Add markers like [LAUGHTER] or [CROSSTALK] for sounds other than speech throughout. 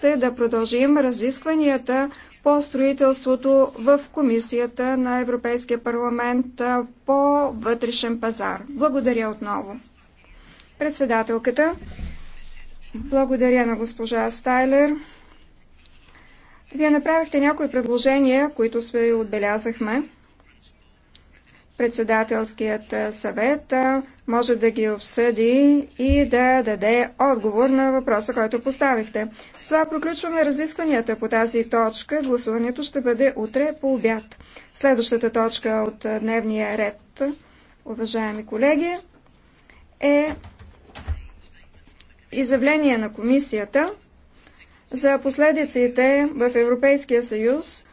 ще да продължим разискванията по строителството в Комисията на Европейския парламент по вътрешен пазар. Благодаря отново. Председателката, благодаря на госпожа Стайлер. Вие направихте някои предложения, които сме отбелязахме председателският съвет може да ги обсъди и да даде отговор на въпроса, който поставихте. С това приключваме разискванията по тази точка. Гласуването ще бъде утре по обяд. Следващата точка от дневния ред, уважаеми колеги, е изявление на комисията за последиците в Европейския съюз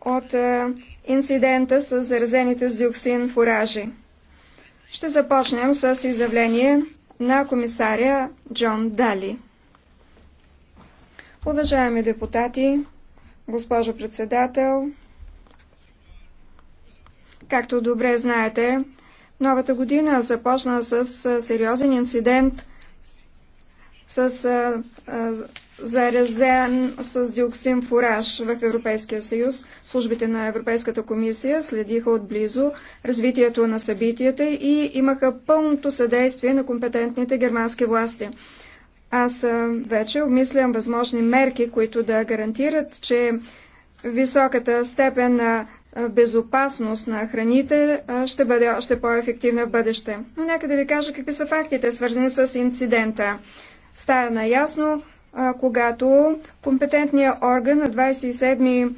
от инцидента с заразените с диоксин фуражи. Ще започнем с изявление на комисаря Джон Дали. Уважаеми депутати, госпожо председател, както добре знаете, новата година започна с сериозен инцидент с заразен с диоксин фураж в Европейския съюз. Службите на Европейската комисия следиха отблизо развитието на събитията и имаха пълното съдействие на компетентните германски власти. Аз вече обмислям възможни мерки, които да гарантират, че високата степен на безопасност на храните ще бъде още по-ефективна в бъдеще. Но нека да ви кажа какви са фактите, свързани с инцидента. Стая наясно, когато компетентният орган на 27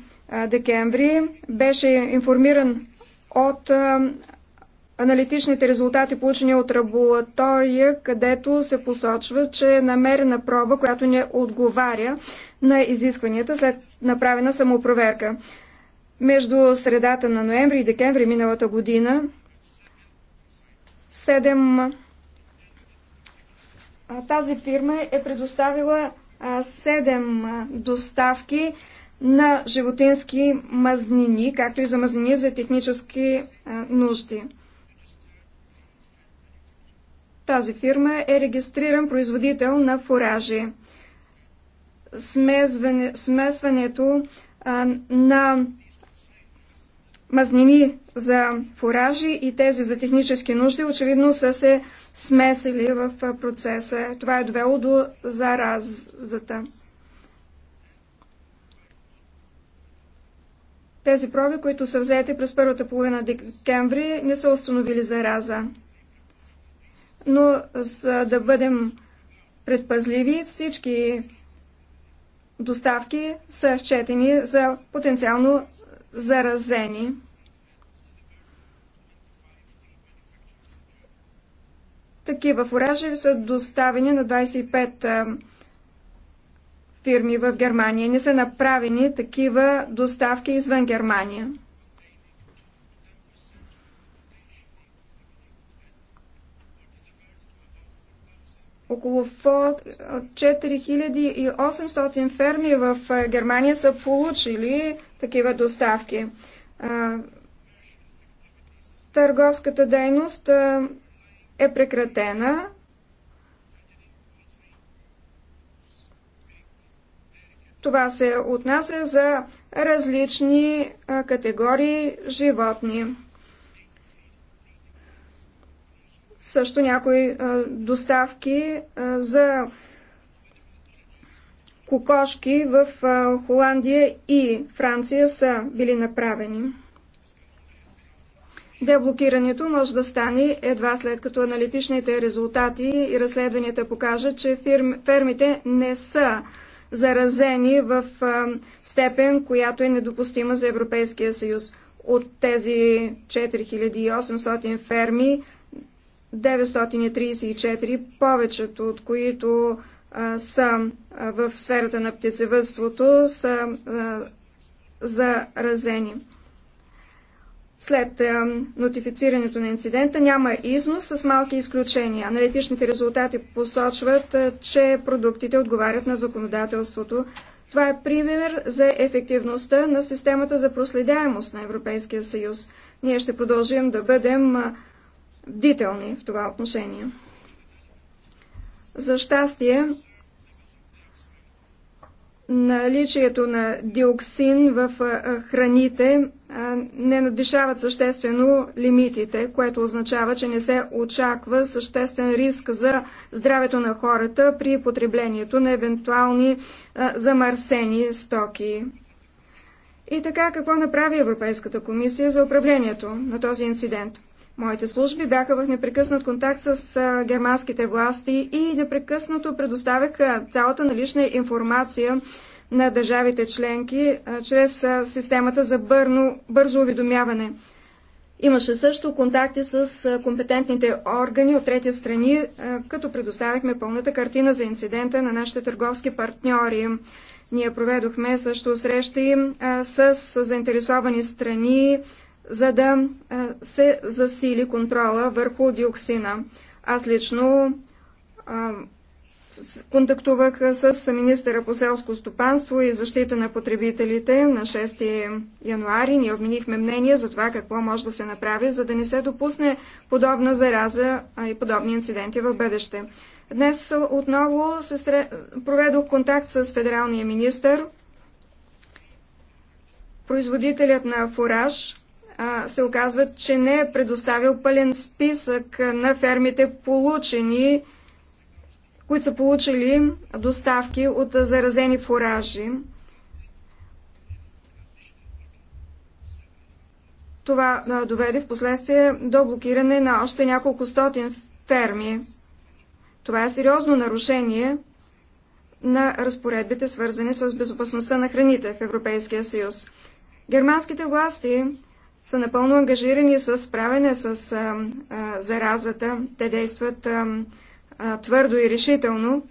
декември беше информиран от аналитичните резултати, получени от лаборатория, където се посочва, че е намерена проба, която не отговаря на изискванията след направена самопроверка. Между средата на ноември и декември миналата година 7... тази фирма е предоставила 7 доставки на животински мазнини, както и за мазнини за технически нужди. Тази фирма е регистриран производител на фуражи. Смесване, смесването а, на мазнини за фуражи и тези за технически нужди очевидно са се смесили в процеса. Това е довело до заразата. Тези проби, които са взети през първата половина декември, не са установили зараза. Но за да бъдем предпазливи, всички доставки са счетени за потенциално заразени. Такива фуражи са доставени на 25 фирми в Германия. Не са направени такива доставки извън Германия. Около 4800 ферми в Германия са получили такива доставки. Търговската дейност е прекратена. Това се отнася за различни категории животни. Също някои доставки за кокошки в Холандия и Франция са били направени. Деблокирането може да стане едва след като аналитичните резултати и разследванията покажат, че фермите не са заразени в степен, която е недопустима за Европейския съюз. От тези 4800 ферми, 934, повечето от които са в сферата на птицевътството са заразени. След нотифицирането на инцидента няма износ с малки изключения. Аналитичните резултати посочват, че продуктите отговарят на законодателството. Това е пример за ефективността на системата за проследяемост на Европейския съюз. Ние ще продължим да бъдем бдителни в това отношение. За щастие, наличието на диоксин в храните не надвишават съществено лимитите, което означава, че не се очаква съществен риск за здравето на хората при потреблението на евентуални замърсени стоки. И така, какво направи Европейската комисия за управлението на този инцидент? Моите служби бяха в непрекъснат контакт с германските власти и непрекъснато предоставяха цялата налична информация на държавите членки чрез системата за бърно, бързо уведомяване. Имаше също контакти с компетентните органи от трети страни, като предоставихме пълната картина за инцидента на нашите търговски партньори. Ние проведохме също срещи с заинтересовани страни, за да се засили контрола върху диоксина. Аз лично а, контактувах с министъра по селско стопанство и защита на потребителите на 6 януари. Ние обменихме мнение за това какво може да се направи, за да не се допусне подобна зараза и подобни инциденти в бъдеще. Днес отново се сре... проведох контакт с федералния министър. Производителят на фураж се оказва, че не е предоставил пълен списък на фермите, получени, които са получили доставки от заразени фуражи. Това доведе в последствие до блокиране на още няколко стотин ферми. Това е сериозно нарушение на разпоредбите, свързани с безопасността на храните в Европейския съюз. Германските власти са напълно ангажирани с справяне с а, а, заразата. Те действат а, а, твърдо и решително.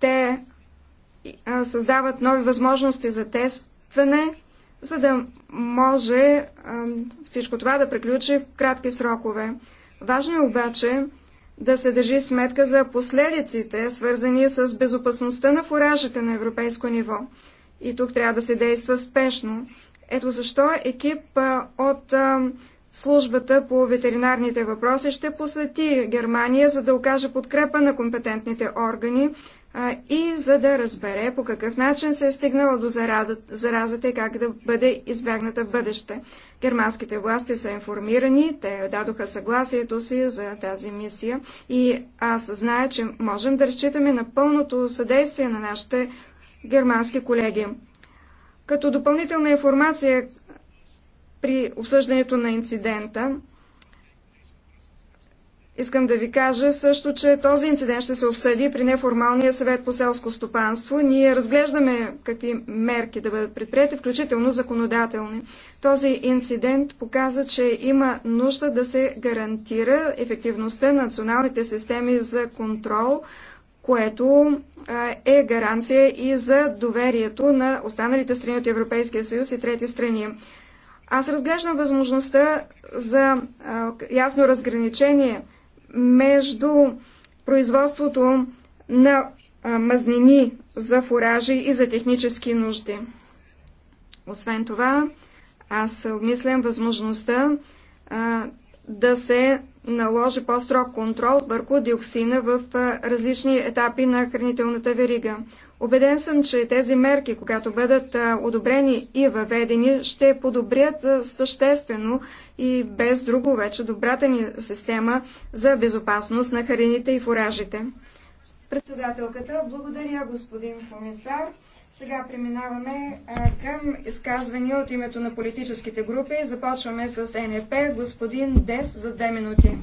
Те а, създават нови възможности за тестване, за да може а, всичко това да приключи в кратки срокове. Важно е обаче да се държи сметка за последиците, свързани с безопасността на фуражите на европейско ниво. И тук трябва да се действа спешно. Ето защо екип от службата по ветеринарните въпроси ще посети Германия, за да окаже подкрепа на компетентните органи и за да разбере по какъв начин се е стигнала до заразата и как да бъде избягната в бъдеще. Германските власти са информирани, те дадоха съгласието си за тази мисия и аз зная, че можем да разчитаме на пълното съдействие на нашите германски колеги. Като допълнителна информация при обсъждането на инцидента, Искам да ви кажа също, че този инцидент ще се обсъди при неформалния съвет по селско стопанство. Ние разглеждаме какви мерки да бъдат предприяти, включително законодателни. Този инцидент показа, че има нужда да се гарантира ефективността на националните системи за контрол което е гаранция и за доверието на останалите страни от Европейския съюз и трети страни. Аз разглеждам възможността за ясно разграничение между производството на мазнини за фуражи и за технически нужди. Освен това, аз обмислям възможността да се наложи по-строг контрол върху диоксина в различни етапи на хранителната верига. Обеден съм, че тези мерки, когато бъдат одобрени и въведени, ще подобрят съществено и без друго вече добрата ни система за безопасност на храните и фуражите. Председателката, благодаря господин комисар. Сега преминаваме а, към изказвания от името на политическите групи. Започваме с НЕП. Господин Дес за две минути.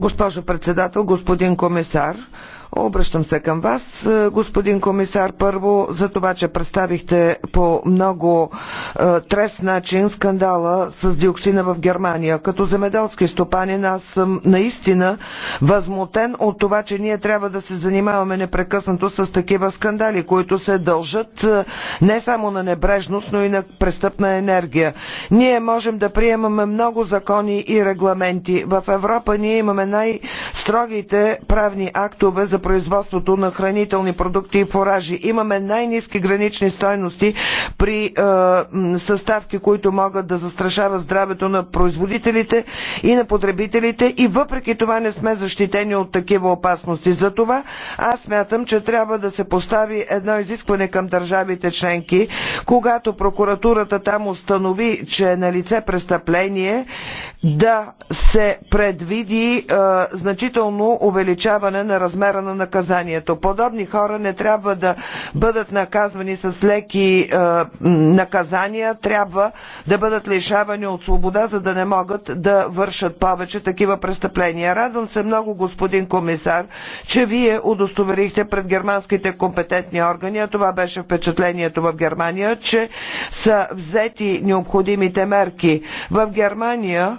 Госпожо председател, господин комисар, Обръщам се към вас, е, господин комисар, първо за това, че представихте по много е, трес начин скандала с диоксина в Германия. Като земеделски стопанин аз съм наистина възмутен от това, че ние трябва да се занимаваме непрекъснато с такива скандали, които се дължат е, не само на небрежност, но и на престъпна енергия. Ние можем да приемаме много закони и регламенти. В Европа ние имаме най-строгите правни актове за производството на хранителни продукти и фуражи. Имаме най-низки гранични стойности при е, съставки, които могат да застрашават здравето на производителите и на потребителите и въпреки това не сме защитени от такива опасности. Затова аз смятам, че трябва да се постави едно изискване към държавите членки, когато прокуратурата там установи, че е на лице престъпление, да се предвиди е, значително увеличаване на размера на наказанието. Подобни хора не трябва да бъдат наказвани с леки е, наказания, трябва да бъдат лишавани от свобода, за да не могат да вършат повече такива престъпления. Радвам се много, господин комисар, че вие удостоверихте пред германските компетентни органи, а това беше впечатлението в Германия, че са взети необходимите мерки. В Германия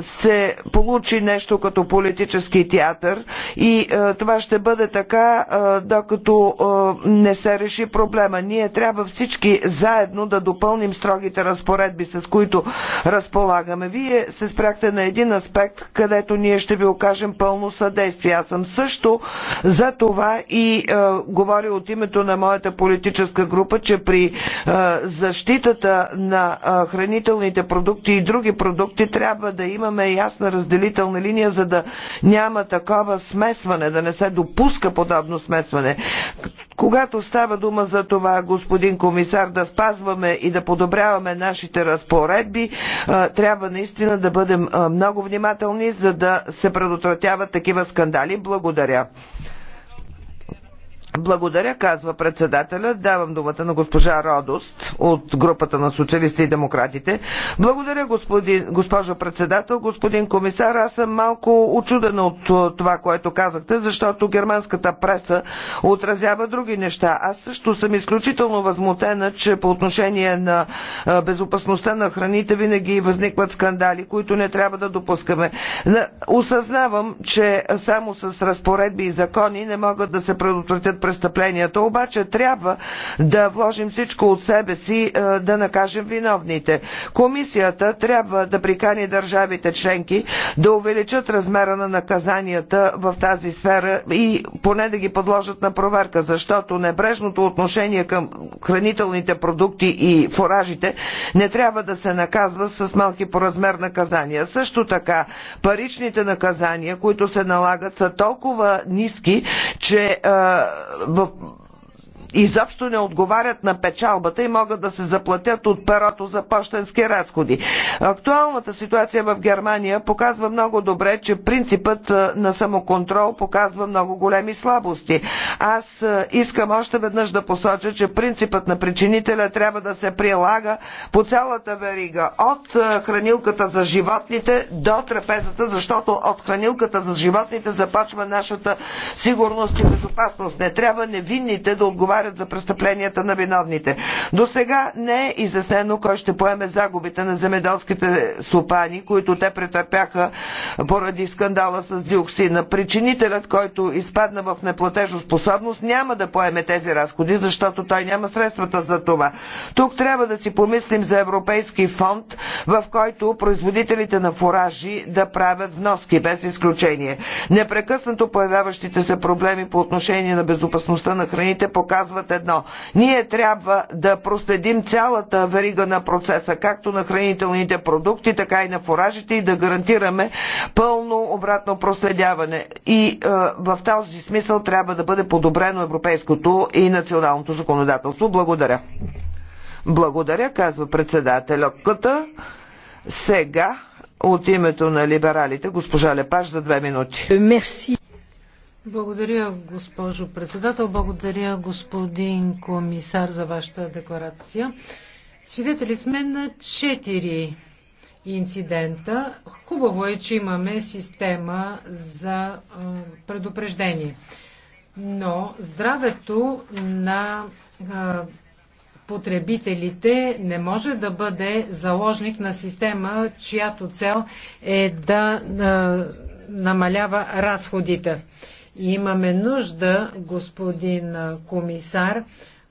се получи нещо като политически театър и е, това ще бъде така, е, докато е, не се реши проблема. Ние трябва всички заедно да допълним строгите разпоредби, с които разполагаме. Вие се спряхте на един аспект, където ние ще ви окажем пълно съдействие. Аз съм също за това и говоря от името на моята политическа група, че при защитата на хранителните продукти и други продукти трябва трябва да имаме ясна разделителна линия, за да няма такова смесване, да не се допуска подобно смесване. Когато става дума за това, господин комисар, да спазваме и да подобряваме нашите разпоредби, е, трябва наистина да бъдем е, много внимателни, за да се предотвратяват такива скандали. Благодаря. Благодаря, казва председателя. Давам думата на госпожа Родост от групата на социалисти и демократите. Благодаря, господин, госпожо председател, господин комисар. Аз съм малко очудена от това, което казахте, защото германската преса отразява други неща. Аз също съм изключително възмутена, че по отношение на безопасността на храните винаги възникват скандали, които не трябва да допускаме. Осъзнавам, че само с разпоредби и закони не могат да се предотвратят престъпленията, обаче трябва да вложим всичко от себе си е, да накажем виновните. Комисията трябва да прикани държавите членки да увеличат размера на наказанията в тази сфера и поне да ги подложат на проверка, защото небрежното отношение към хранителните продукти и фуражите не трябва да се наказва с малки по размер наказания. Също така, паричните наказания, които се налагат, са толкова ниски, че е, в изобщо не отговарят на печалбата и могат да се заплатят от перото за почтенски разходи. Актуалната ситуация в Германия показва много добре, че принципът на самоконтрол показва много големи слабости. Аз искам още веднъж да посоча, че принципът на причинителя трябва да се прилага по цялата верига. От хранилката за животните до трапезата, защото от хранилката за животните започва нашата сигурност и безопасност. Не трябва невинните да отговарят отговарят за престъпленията на виновните. До сега не е изяснено кой ще поеме загубите на земеделските стопани, които те претърпяха поради скандала с диоксина. Причинителят, който изпадна в неплатежоспособност, няма да поеме тези разходи, защото той няма средствата за това. Тук трябва да си помислим за европейски фонд, в който производителите на фуражи да правят вноски без изключение. Непрекъснато появяващите се проблеми по отношение на безопасността на храните показват, показват едно. Ние трябва да проследим цялата верига на процеса, както на хранителните продукти, така и на фуражите и да гарантираме пълно обратно проследяване. И е, в този смисъл трябва да бъде подобрено европейското и националното законодателство. Благодаря. Благодаря, казва председателката. Сега от името на либералите госпожа Лепаш за две минути. Благодаря, госпожо председател. Благодаря, господин комисар, за вашата декларация. Свидетели сме на четири инцидента. Хубаво е, че имаме система за предупреждение. Но здравето на потребителите не може да бъде заложник на система, чиято цел е да намалява разходите. Имаме нужда, господин комисар,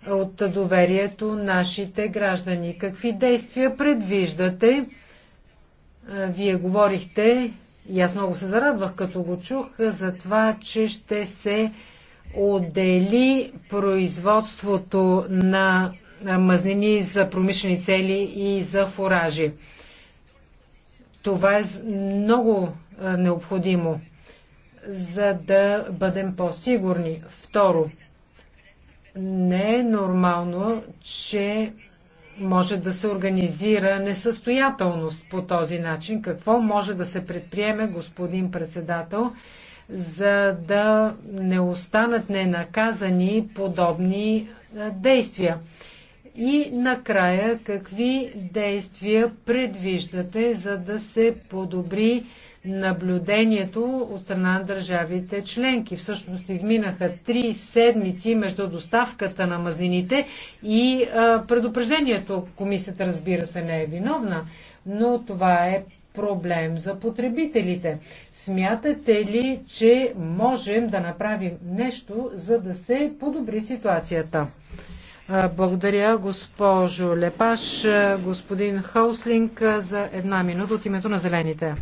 от доверието нашите граждани. Какви действия предвиждате? Вие говорихте, и аз много се зарадвах, като го чух, за това, че ще се отдели производството на мазнини за промишлени цели и за фуражи. Това е много необходимо за да бъдем по-сигурни. Второ, не е нормално, че може да се организира несъстоятелност по този начин. Какво може да се предприеме, господин председател, за да не останат ненаказани подобни е, действия? И накрая, какви действия предвиждате, за да се подобри наблюдението от страна на държавите членки. Всъщност изминаха три седмици между доставката на мазнините и а, предупреждението. Комисията, разбира се, не е виновна, но това е проблем за потребителите. Смятате ли, че можем да направим нещо, за да се подобри ситуацията? Благодаря, госпожо Лепаш. Господин Хауслинг за една минута от името на Зелените.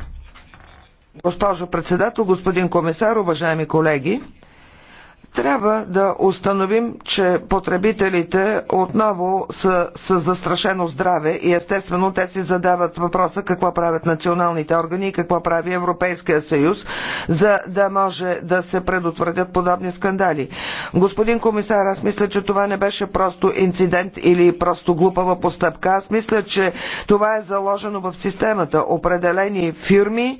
Госпожо председател, господин комисар, уважаеми колеги, трябва да установим, че потребителите отново са с застрашено здраве и естествено те си задават въпроса какво правят националните органи и какво прави Европейския съюз, за да може да се предотвратят подобни скандали. Господин комисар, аз мисля, че това не беше просто инцидент или просто глупава постъпка. Аз мисля, че това е заложено в системата. Определени фирми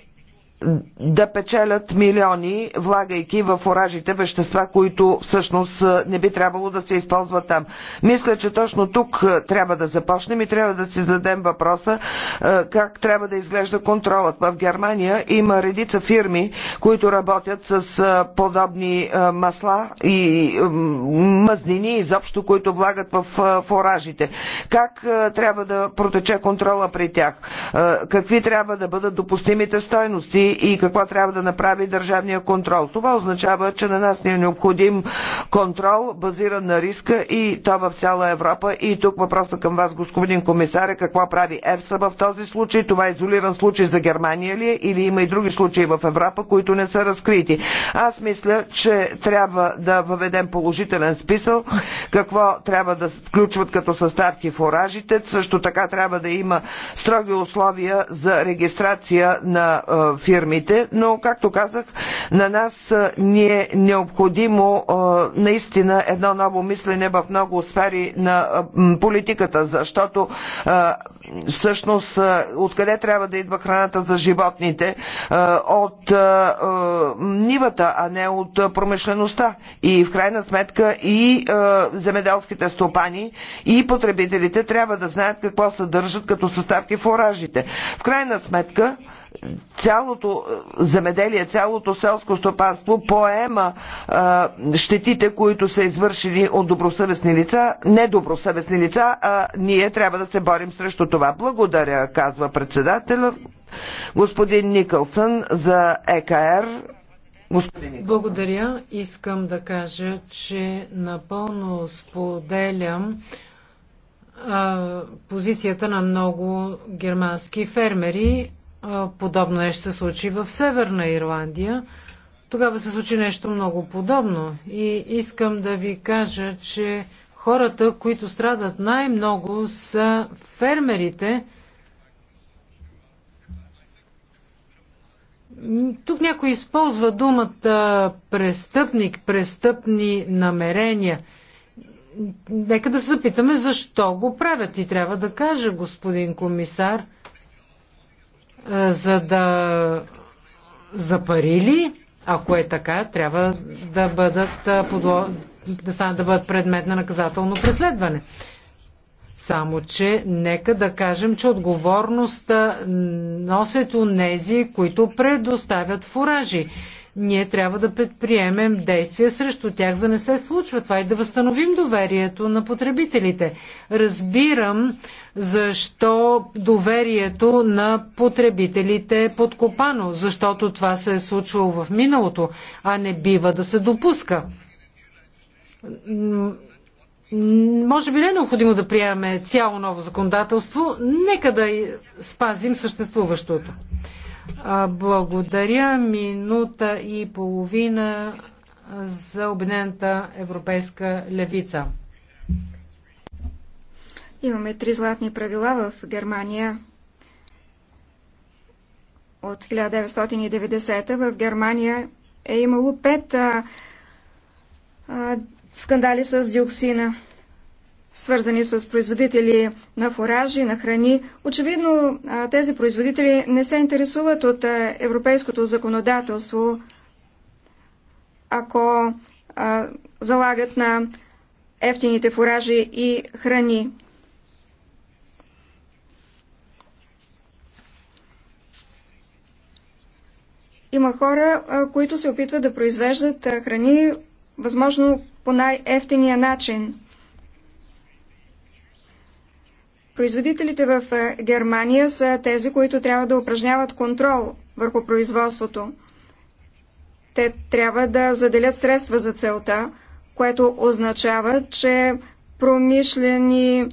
да печелят милиони, влагайки в оражите вещества, които всъщност не би трябвало да се използват там. Мисля, че точно тук трябва да започнем и трябва да си зададем въпроса как трябва да изглежда контролът. В Германия има редица фирми, които работят с подобни масла и мъзнини изобщо, които влагат в форажите. Как трябва да протече контрола при тях? Какви трябва да бъдат допустимите стойности? и какво трябва да направи държавния контрол. Това означава, че на нас ни не е необходим контрол, базиран на риска и то в цяла Европа. И тук въпросът към вас, господин комисар, е какво прави ЕФСА в този случай? Това е изолиран случай за Германия ли е или има и други случаи в Европа, които не са разкрити? Аз мисля, че трябва да въведем положителен списъл какво трябва да включват като съставки в оражите. Също така трябва да има строги условия за регистрация на фирми фирмите, но както казах, на нас ни е необходимо наистина едно ново мислене в много сфери на политиката, защото всъщност откъде трябва да идва храната за животните? От нивата, а не от промишлеността. И в крайна сметка и земеделските стопани, и потребителите трябва да знаят какво съдържат като съставки в оражите. В крайна сметка цялото земеделие, цялото селско селско стопанство поема а, щетите, които са извършени от добросъвестни лица, недобросъвестни лица, а ние трябва да се борим срещу това. Благодаря, казва председателя. Господин Никълсън за ЕКР. Господин Благодаря. Искам да кажа, че напълно споделям а, позицията на много германски фермери подобно нещо се случи в Северна Ирландия. Тогава се случи нещо много подобно. И искам да ви кажа, че хората, които страдат най-много, са фермерите. Тук някой използва думата престъпник, престъпни намерения. Нека да се запитаме защо го правят и трябва да кажа, господин комисар – за да запарили, ако е така, трябва да бъдат, подло... да, станат, да бъдат предмет на наказателно преследване. Само, че нека да кажем, че отговорността носят унези, които предоставят фуражи. Ние трябва да предприемем действия срещу тях, за да не се случва това и да възстановим доверието на потребителите. Разбирам, защо доверието на потребителите е подкопано? Защото това се е случвало в миналото, а не бива да се допуска. Може би не е необходимо да приемаме цяло ново законодателство. Нека да спазим съществуващото. Благодаря. Минута и половина за Обединената европейска левица. Имаме три златни правила в Германия. От 1990 в Германия е имало пет а, а, скандали с диоксина, свързани с производители на фуражи, на храни. Очевидно, а, тези производители не се интересуват от а, европейското законодателство, ако а, залагат на ефтините фуражи и храни. Има хора, които се опитват да произвеждат храни възможно по най-ефтиния начин. Производителите в Германия са тези, които трябва да упражняват контрол върху производството. Те трябва да заделят средства за целта, което означава, че промишлени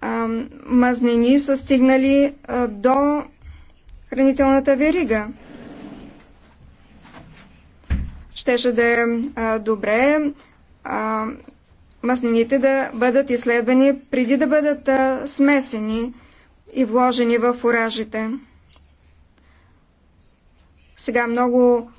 а, мазнини са стигнали а, до хранителната верига. Щеше да е добре маснините да бъдат изследвани преди да бъдат смесени и вложени в фуражите. Сега много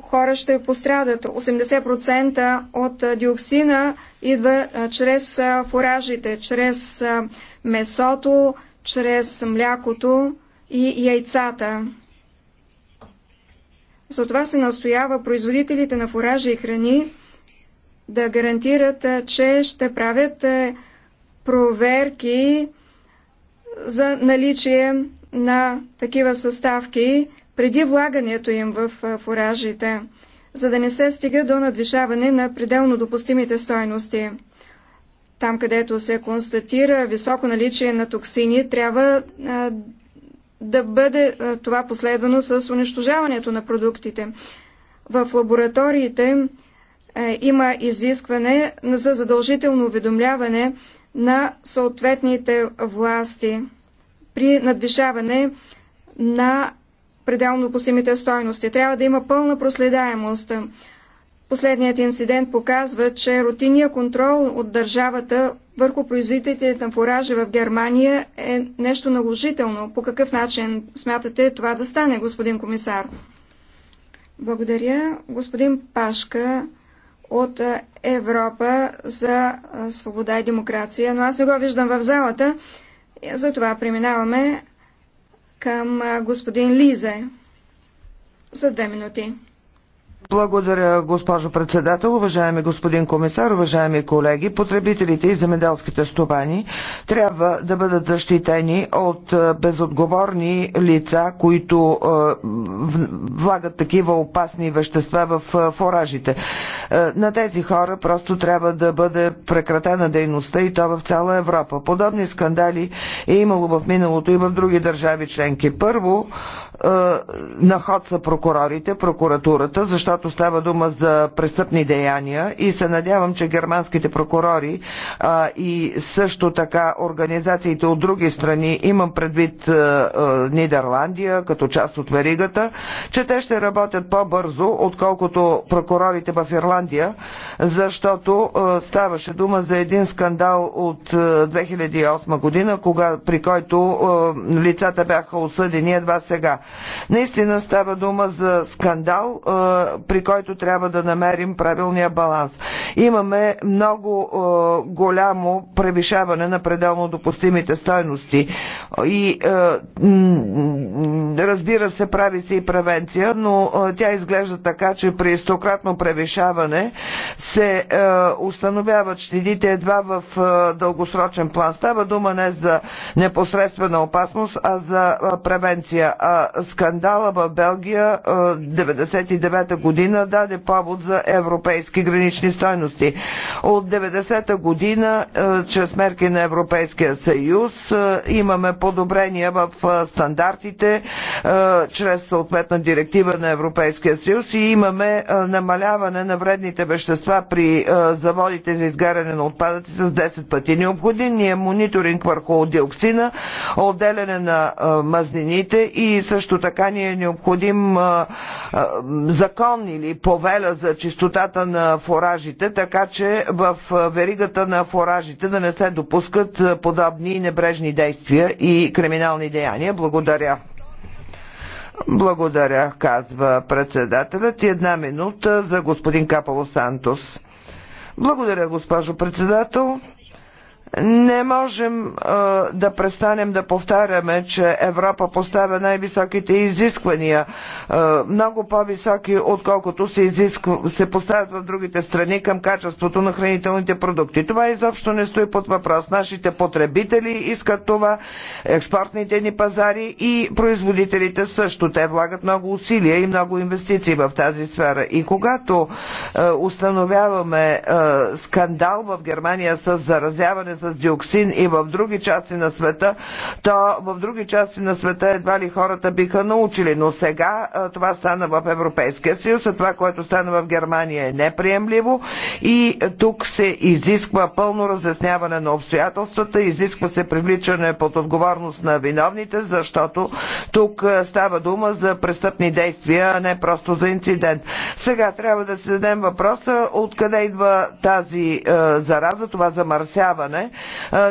хора ще пострадат. 80% от диоксина идва чрез фуражите, чрез месото, чрез млякото и яйцата. Затова се настоява производителите на фуражи и храни да гарантират, че ще правят проверки за наличие на такива съставки преди влагането им в фуражите, за да не се стига до надвишаване на пределно допустимите стойности. Там, където се констатира високо наличие на токсини, трябва да бъде е, това последвано с унищожаването на продуктите. В лабораториите е, има изискване за задължително уведомляване на съответните власти при надвишаване на пределно допустимите стойности. Трябва да има пълна проследаемост. Последният инцидент показва, че рутинния контрол от държавата върху производителите на фуражи в Германия е нещо наложително. По какъв начин смятате това да стане, господин комисар? Благодаря. Господин Пашка от Европа за свобода и демокрация, но аз не го виждам в залата. Затова преминаваме към господин Лизе за две минути. Благодаря, госпожо председател, уважаеми господин комисар, уважаеми колеги. Потребителите и земеделските стопани трябва да бъдат защитени от е, безотговорни лица, които е, влагат такива опасни вещества в е, форажите. На тези хора просто трябва да бъде прекратена дейността и то в цяла Европа. Подобни скандали е имало в миналото и в други държави членки. Първо, е, на ход са прокурорите, прокуратурата, защото става дума за престъпни деяния и се надявам, че германските прокурори а, и също така организациите от други страни, имам предвид а, е, а, е, Нидерландия като част от веригата, че те ще работят по-бързо, отколкото прокурорите в Ирландия, защото а, ставаше дума за един скандал от а, 2008 година, кога, при който а, лицата бяха осъдени едва сега. Наистина става дума за скандал, при който трябва да намерим правилния баланс имаме много е, голямо превишаване на пределно допустимите стойности. И е, разбира се, прави се и превенция, но е, тя изглежда така, че при стократно превишаване се е, установяват щедите едва в е, дългосрочен план. Става дума не за непосредствена опасност, а за е, превенция. А скандала в Белгия 1999 е, година даде повод за европейски гранични стойности дейности. От 90-та година, е, чрез мерки на Европейския съюз, е, имаме подобрения в е, стандартите, чрез съответна директива на Европейския съюз и имаме намаляване на вредните вещества при заводите за изгаряне на отпадъци с 10 пъти. Необходимия мониторинг върху диоксина, отделяне на мазнините и също така ни е необходим закон или повеля за чистотата на форажите, така че в веригата на форажите да не се допускат подобни небрежни действия и криминални деяния. Благодаря. Благодаря, казва председателят. И една минута за господин Капало Сантос. Благодаря, госпожо председател. Не можем а, да престанем да повтаряме, че Европа поставя най-високите изисквания, а, много по-високи, отколкото се, изисква, се поставят в другите страни към качеството на хранителните продукти. Това изобщо не стои под въпрос. Нашите потребители искат това, експортните ни пазари и производителите също. Те влагат много усилия и много инвестиции в тази сфера. И когато а, установяваме а, скандал в Германия с заразяване с диоксин и в други части на света, то в други части на света едва ли хората биха научили. Но сега това стана в Европейския съюз, а това, което стана в Германия е неприемливо и тук се изисква пълно разясняване на обстоятелствата, изисква се привличане под отговорност на виновните, защото тук става дума за престъпни действия, а не просто за инцидент. Сега трябва да се зададем въпроса откъде идва тази е, зараза, това замърсяване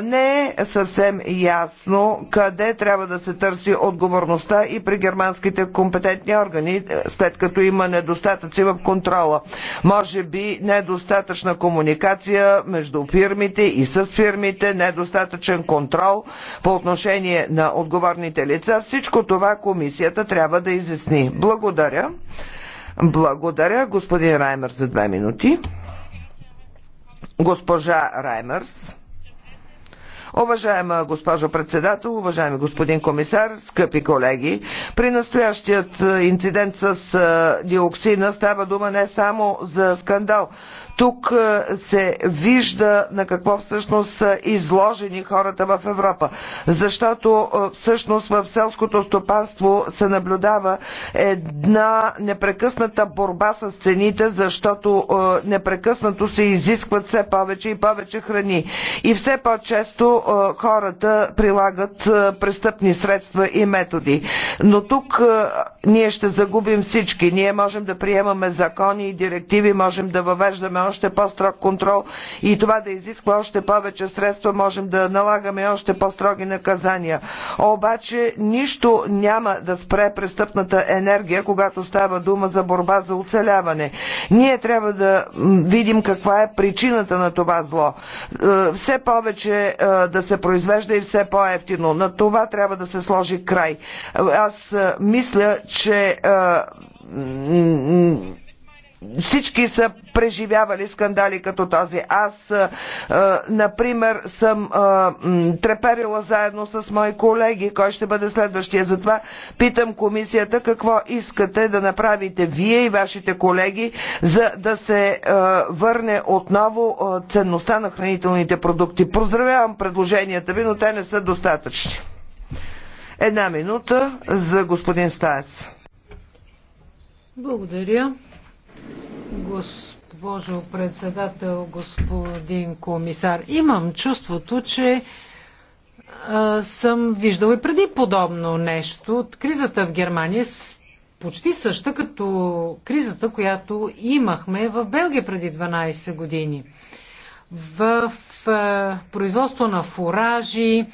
не е съвсем ясно къде трябва да се търси отговорността и при германските компетентни органи, е, след като има недостатъци в контрола. Може би недостатъчна комуникация между фирмите и с фирмите, недостатъчен контрол по отношение на отговорните лица. Всичко това комисията трябва да изясни. Благодаря. Благодаря, господин Раймер, за две минути. Госпожа Раймерс. Уважаема госпожо председател, уважаеми господин комисар, скъпи колеги, при настоящият инцидент с диоксина става дума не само за скандал. Тук се вижда на какво всъщност са изложени хората в Европа. Защото всъщност в селското стопанство се наблюдава една непрекъсната борба с цените, защото непрекъснато се изискват все повече и повече храни. И все по-често хората прилагат престъпни средства и методи. Но тук ние ще загубим всички. Ние можем да приемаме закони и директиви, можем да въвеждаме още по-строг контрол и това да изисква още повече средства, можем да налагаме още по-строги наказания. Обаче нищо няма да спре престъпната енергия, когато става дума за борба за оцеляване. Ние трябва да видим каква е причината на това зло. Е, все повече е, да се произвежда и все по-ефтино. На това трябва да се сложи край. Аз е, мисля, че всички са преживявали скандали като този. Аз, например, съм треперила заедно с мои колеги, кой ще бъде следващия. Затова питам комисията какво искате да направите вие и вашите колеги, за да се върне отново ценността на хранителните продукти. Поздравявам предложенията ви, но те не са достатъчни. Една минута за господин Стаец. Благодаря госпожо председател, господин комисар. Имам чувството, че а, съм виждал и преди подобно нещо. От кризата в Германия почти съща като кризата, която имахме в Белгия преди 12 години. В а, производство на фуражи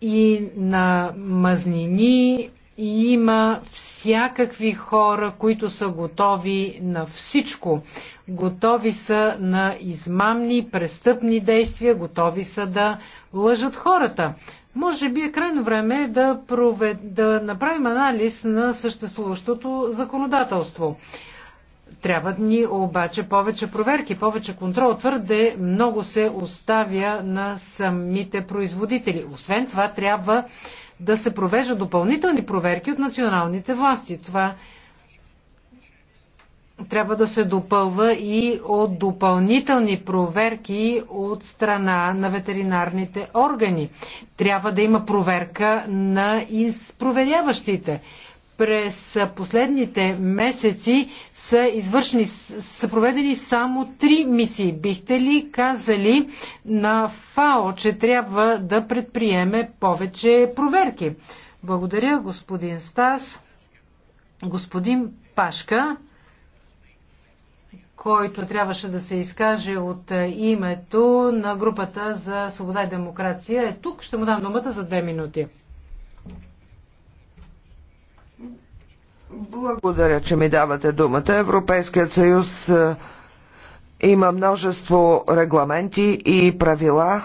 и на мазнини и има всякакви хора, които са готови на всичко. Готови са на измамни, престъпни действия, готови са да лъжат хората. Може би е крайно време да, провед... да направим анализ на съществуващото законодателство. Трябват ни обаче повече проверки, повече контрол. Твърде много се оставя на самите производители. Освен това, трябва да се провеждат допълнителни проверки от националните власти. Това трябва да се допълва и от допълнителни проверки от страна на ветеринарните органи. Трябва да има проверка на изпроверяващите през последните месеци са, извършени, са проведени само три мисии. Бихте ли казали на ФАО, че трябва да предприеме повече проверки? Благодаря, господин Стас. Господин Пашка, който трябваше да се изкаже от името на групата за свобода и демокрация, е тук. Ще му дам думата за две минути. Благодаря, че ми давате думата. Европейският съюз е, има множество регламенти и правила,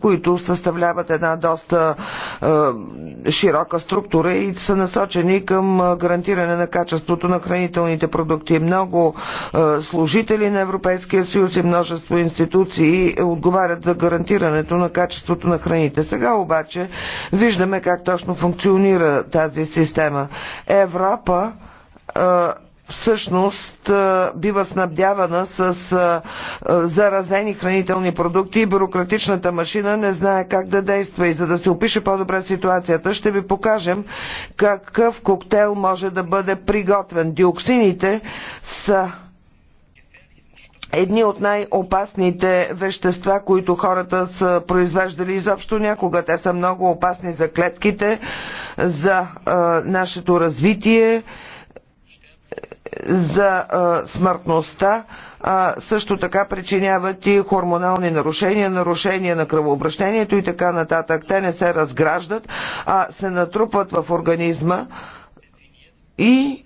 които съставляват една доста широка структура и са насочени към гарантиране на качеството на хранителните продукти. Много служители на Европейския съюз и множество институции отговарят за гарантирането на качеството на храните. Сега обаче виждаме как точно функционира тази система. Европа всъщност бива снабдявана с заразени хранителни продукти и бюрократичната машина не знае как да действа. И за да се опише по-добре ситуацията, ще ви покажем какъв коктейл може да бъде приготвен. Диоксините са едни от най-опасните вещества, които хората са произвеждали изобщо някога. Те са много опасни за клетките, за нашето развитие за смъртността, а също така причиняват и хормонални нарушения, нарушения на кръвообращението и така нататък. Те не се разграждат, а се натрупват в организма и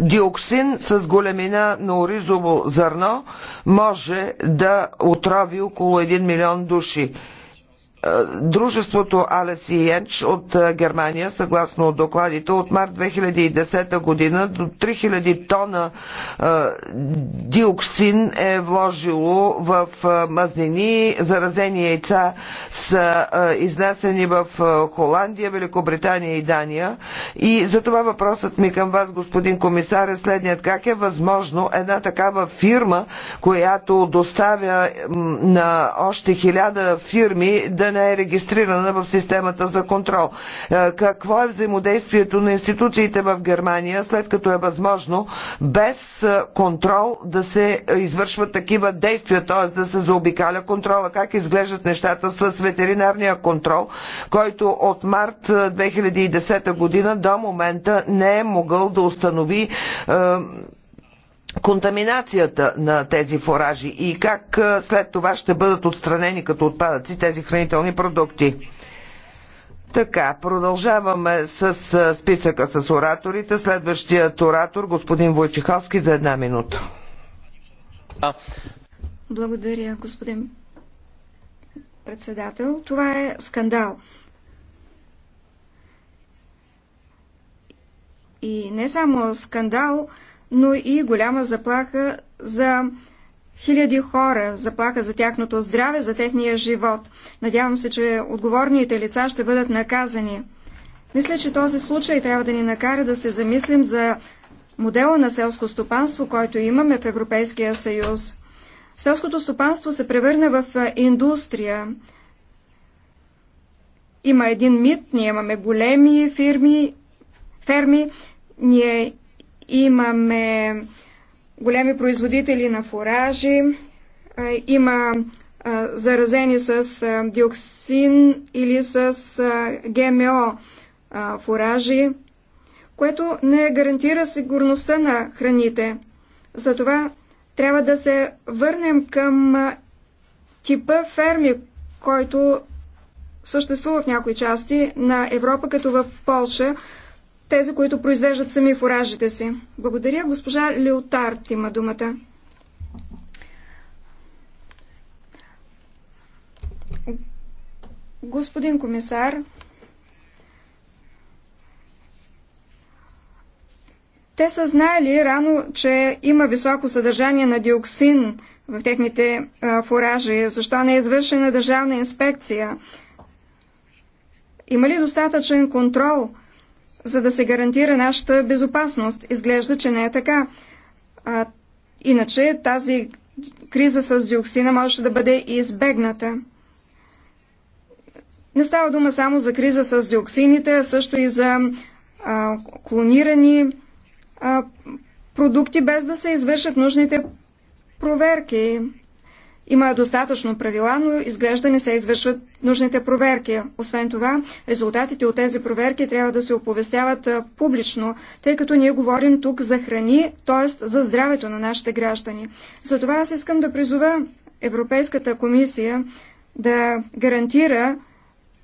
диоксин с големина на оризово зърно може да отрави около 1 милион души дружеството Алес и Енч от Германия, съгласно докладите, от март 2010 година до 3000 тона диоксин е вложило в мазнини. Заразени яйца са изнесени в Холандия, Великобритания и Дания. И за това въпросът ми към вас, господин комисар, е следният. Как е възможно една такава фирма, която доставя на още хиляда фирми да да не е регистрирана в системата за контрол. Е, какво е взаимодействието на институциите в Германия, след като е възможно без е, контрол да се извършват такива действия, т.е. да се заобикаля контрола, как изглеждат нещата с ветеринарния контрол, който от март 2010 е, година до момента не е могъл да установи контаминацията на тези фуражи и как след това ще бъдат отстранени като отпадъци тези хранителни продукти. Така, продължаваме с списъка с ораторите. Следващият оратор, господин Войчеховски, за една минута. Благодаря, господин председател. Това е скандал. И не само скандал, но и голяма заплаха за хиляди хора, заплаха за тяхното здраве, за техния живот. Надявам се, че отговорните лица ще бъдат наказани. Мисля, че този случай трябва да ни накара да се замислим за модела на селско стопанство, който имаме в Европейския съюз. Селското стопанство се превърна в индустрия. Има един мит, ние имаме големи фирми, ферми, ние Имаме големи производители на фуражи, има заразени с диоксин или с ГМО фуражи, което не гарантира сигурността на храните. Затова трябва да се върнем към типа ферми, който съществува в някои части на Европа, като в Полша, тези, които произвеждат сами фуражите си. Благодаря. Госпожа Леотард има думата. Господин комисар, те са знаели рано, че има високо съдържание на диоксин в техните фуражи. Защо не е извършена държавна инспекция? Има ли достатъчен контрол? за да се гарантира нашата безопасност. Изглежда, че не е така. А, иначе тази криза с диоксина може да бъде избегната. Не става дума само за криза с диоксините, а също и за а, клонирани а, продукти, без да се извършат нужните проверки. Има достатъчно правила, но изглежда не се извършват нужните проверки. Освен това, резултатите от тези проверки трябва да се оповестяват публично, тъй като ние говорим тук за храни, т.е. за здравето на нашите граждани. Затова аз искам да призова Европейската комисия да гарантира,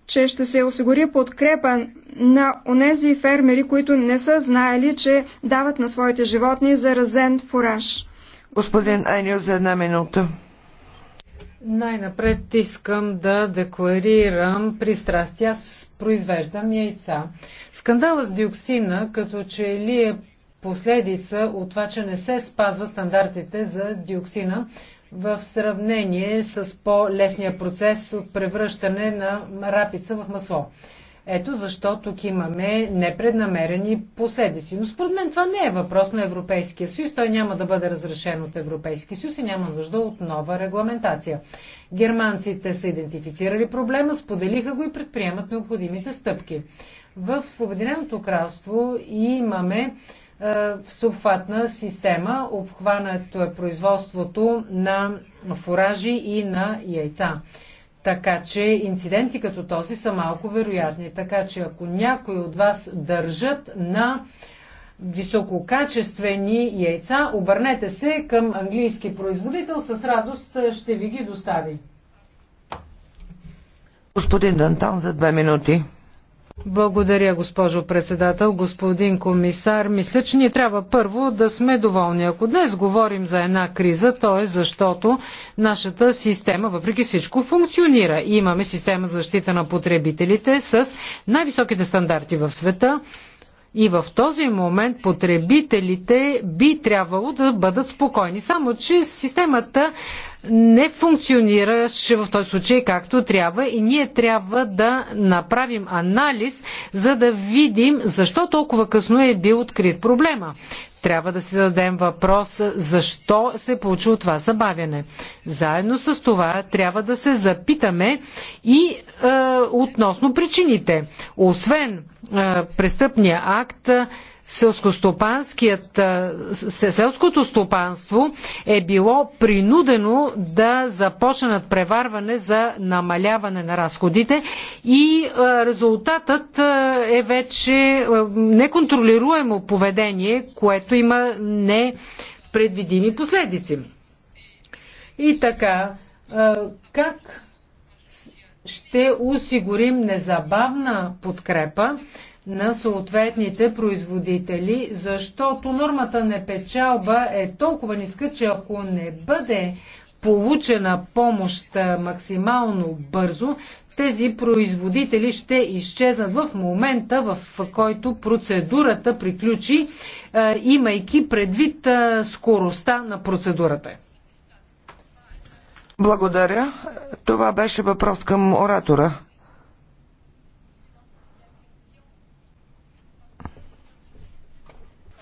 че ще се осигури подкрепа на онези фермери, които не са знаели, че дават на своите животни заразен фураж. Господин Айнил, за една минута. Най-напред искам да декларирам пристрастие. Аз произвеждам яйца. Скандалът с диоксина като че ли е последица от това, че не се спазва стандартите за диоксина в сравнение с по-лесния процес от превръщане на рапица в масло. Ето защо тук имаме непреднамерени последици. Но според мен това не е въпрос на Европейския съюз. Той няма да бъде разрешен от Европейския съюз и няма нужда от нова регламентация. Германците са идентифицирали проблема, споделиха го и предприемат необходимите стъпки. В Обединеното кралство имаме е, субхватна система. Обхванато е производството на фуражи и на яйца. Така че инциденти като този са малко вероятни. Така че ако някои от вас държат на висококачествени яйца, обърнете се към английски производител. С радост ще ви ги достави. Господин Дантан за две минути. Благодаря, госпожо председател, господин комисар. Мисля, че ние трябва първо да сме доволни. Ако днес говорим за една криза, то е защото нашата система, въпреки всичко, функционира. И имаме система за защита на потребителите с най-високите стандарти в света. И в този момент потребителите би трябвало да бъдат спокойни. Само, че системата не функционираше в този случай както трябва и ние трябва да направим анализ, за да видим защо толкова късно е бил открит проблема. Трябва да си зададем въпрос защо се е получило това забавяне. Заедно с това трябва да се запитаме и е, относно причините. Освен е, престъпния акт, селското стопанство е било принудено да започне надпреварване за намаляване на разходите и резултатът е вече неконтролируемо поведение, което има непредвидими последици. И така, как ще осигурим незабавна подкрепа на съответните производители, защото нормата на печалба е толкова ниска, че ако не бъде получена помощ максимално бързо, тези производители ще изчезнат в момента, в който процедурата приключи, имайки предвид скоростта на процедурата. Благодаря. Това беше въпрос към оратора.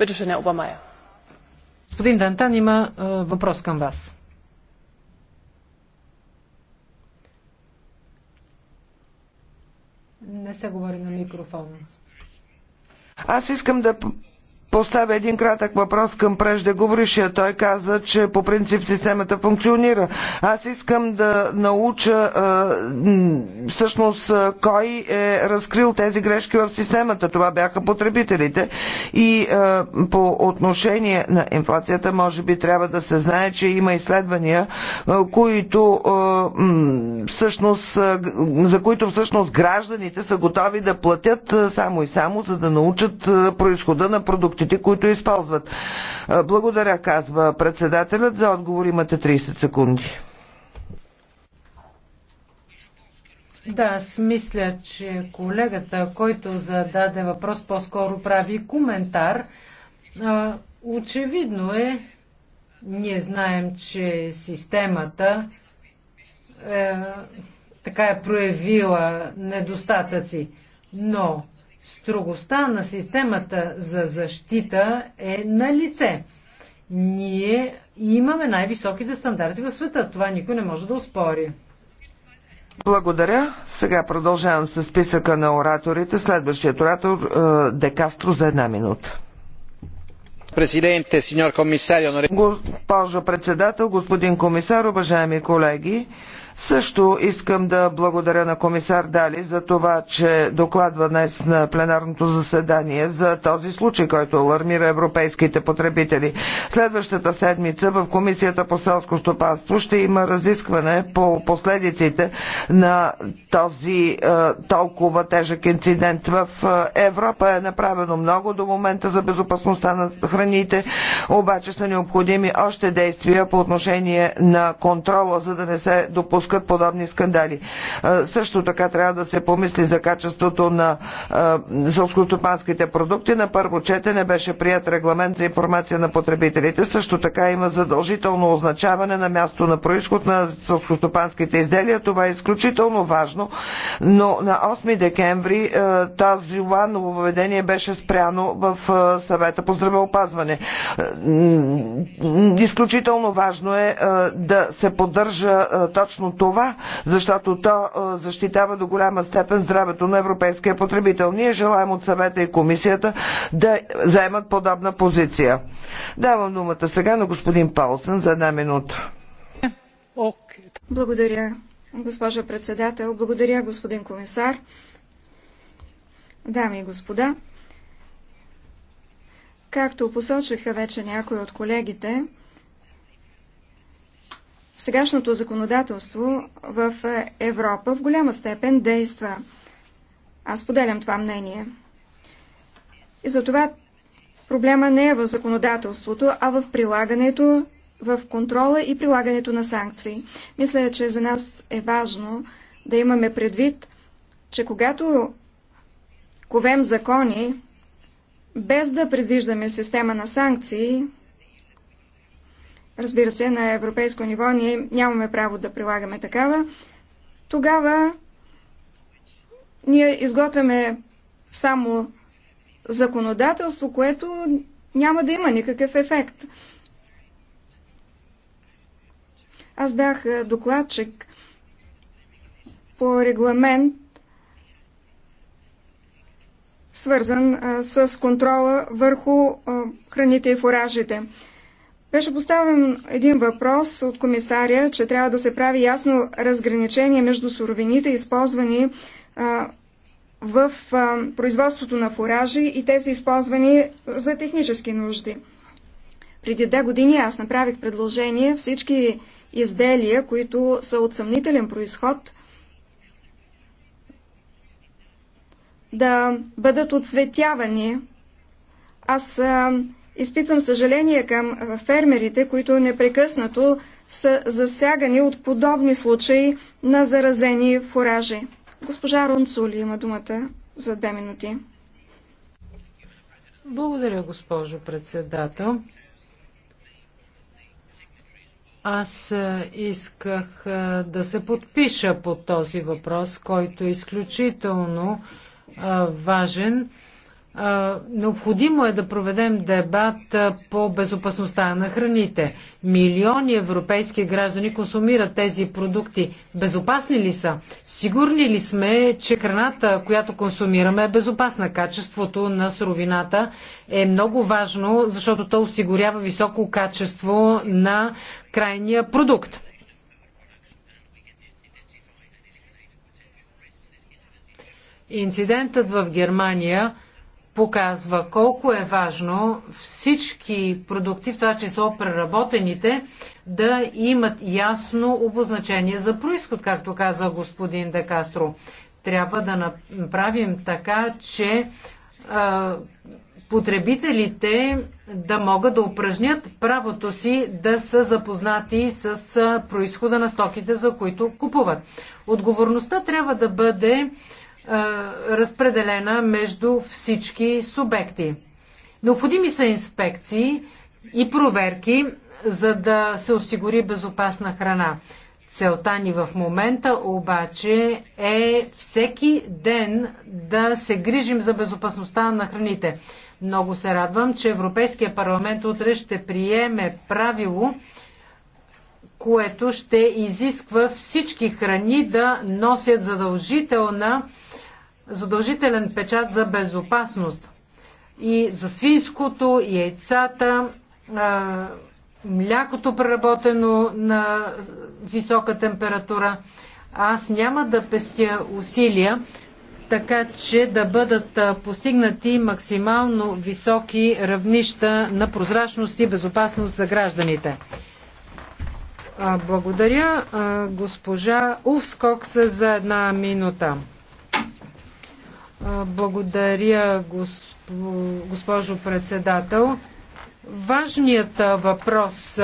Е. Господин Дантан има въпрос към вас. Не се говори на микрофона. Аз искам да поставя един кратък въпрос към преждеговорившия. Той каза, че по принцип системата функционира. Аз искам да науча всъщност кой е разкрил тези грешки в системата. Това бяха потребителите. И по отношение на инфлацията, може би трябва да се знае, че има изследвания, които всъщност, за които всъщност гражданите са готови да платят само и само, за да научат происхода на продукта продуктите, които използват. Благодаря, казва председателят. За отговор имате 30 секунди. Да, аз мисля, че колегата, който зададе въпрос, по-скоро прави коментар. очевидно е, ние знаем, че системата е, така е проявила недостатъци, но Строгостта на системата за защита е на лице. Ние имаме най-високите стандарти в света. Това никой не може да успори. Благодаря. Сега продължавам с списъка на ораторите. Следващият оратор е, Декастро за една минута. Госпожо председател, господин комисар, уважаеми колеги, също искам да благодаря на комисар Дали за това, че докладва днес на пленарното заседание за този случай, който алармира европейските потребители. Следващата седмица в Комисията по селско стопанство ще има разискване по последиците на този е, толкова тежък инцидент. В е, Европа е направено много до момента за безопасността на храните, обаче са необходими още действия по отношение на контрола, за да не се допуска допускат подобни скандали. Също така трябва да се помисли за качеството на селскостопанските продукти. На първо четене беше прият регламент за информация на потребителите. Също така има задължително означаване на място на происход на селскостопанските изделия. Това е изключително важно, но на 8 декември тази ново въведение беше спряно в съвета по здравеопазване. Изключително важно е да се поддържа точно това, защото то е, защитава до голяма степен здравето на европейския потребител. Ние желаем от съвета и комисията да заемат подобна позиция. Давам думата сега на господин Паулсен за една минута. Благодаря, госпожа председател. Благодаря, господин комисар. Дами и господа, както посочиха вече някои от колегите, сегашното законодателство в е, Европа в голяма степен действа. Аз поделям това мнение. И затова проблема не е в законодателството, а в прилагането, в контрола и прилагането на санкции. Мисля, че за нас е важно да имаме предвид, че когато ковем закони, без да предвиждаме система на санкции, разбира се, на европейско ниво ние нямаме право да прилагаме такава, тогава ние изготвяме само законодателство, което няма да има никакъв ефект. Аз бях докладчик по регламент, свързан с контрола върху храните и фуражите. Беше поставен един въпрос от комисаря, че трябва да се прави ясно разграничение между суровините, използвани а, в а, производството на фуражи и тези използвани за технически нужди. Преди две години аз направих предложение всички изделия, които са от съмнителен происход, да бъдат оцветявани. Аз а, Изпитвам съжаление към фермерите, които непрекъснато са засягани от подобни случаи на заразени фуражи. Госпожа Ронцули има думата за две минути. Благодаря, госпожо председател. Аз исках да се подпиша по този въпрос, който е изключително важен Необходимо е да проведем дебат по безопасността на храните. Милиони европейски граждани консумират тези продукти. Безопасни ли са? Сигурни ли сме, че храната, която консумираме, е безопасна? Качеството на суровината е много важно, защото то осигурява високо качество на крайния продукт. Инцидентът в Германия показва колко е важно всички продукти, в това число преработените, да имат ясно обозначение за происход, както каза господин Декастро. Трябва да направим така, че а, потребителите да могат да упражнят правото си да са запознати с происхода на стоките, за които купуват. Отговорността трябва да бъде разпределена между всички субекти. Необходими са инспекции и проверки, за да се осигури безопасна храна. Целта ни в момента обаче е всеки ден да се грижим за безопасността на храните. Много се радвам, че Европейския парламент утре ще приеме правило, което ще изисква всички храни да носят задължителна задължителен печат за безопасност и за свинското, и яйцата, млякото преработено на висока температура. Аз няма да пестя усилия, така че да бъдат постигнати максимално високи равнища на прозрачност и безопасност за гражданите. Благодаря госпожа Увскокс за една минута. Благодаря, госпожо председател. Важният въпрос,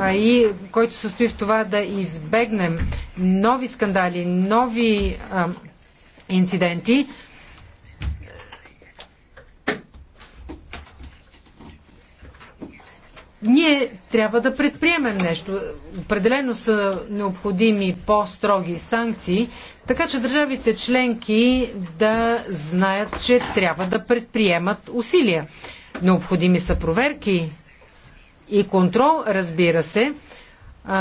а и, който състои в това да избегнем нови скандали, нови а, инциденти, ние трябва да предприемем нещо. Определено са необходими по-строги санкции, така че държавите членки да знаят, че трябва да предприемат усилия. Необходими са проверки и контрол, разбира се,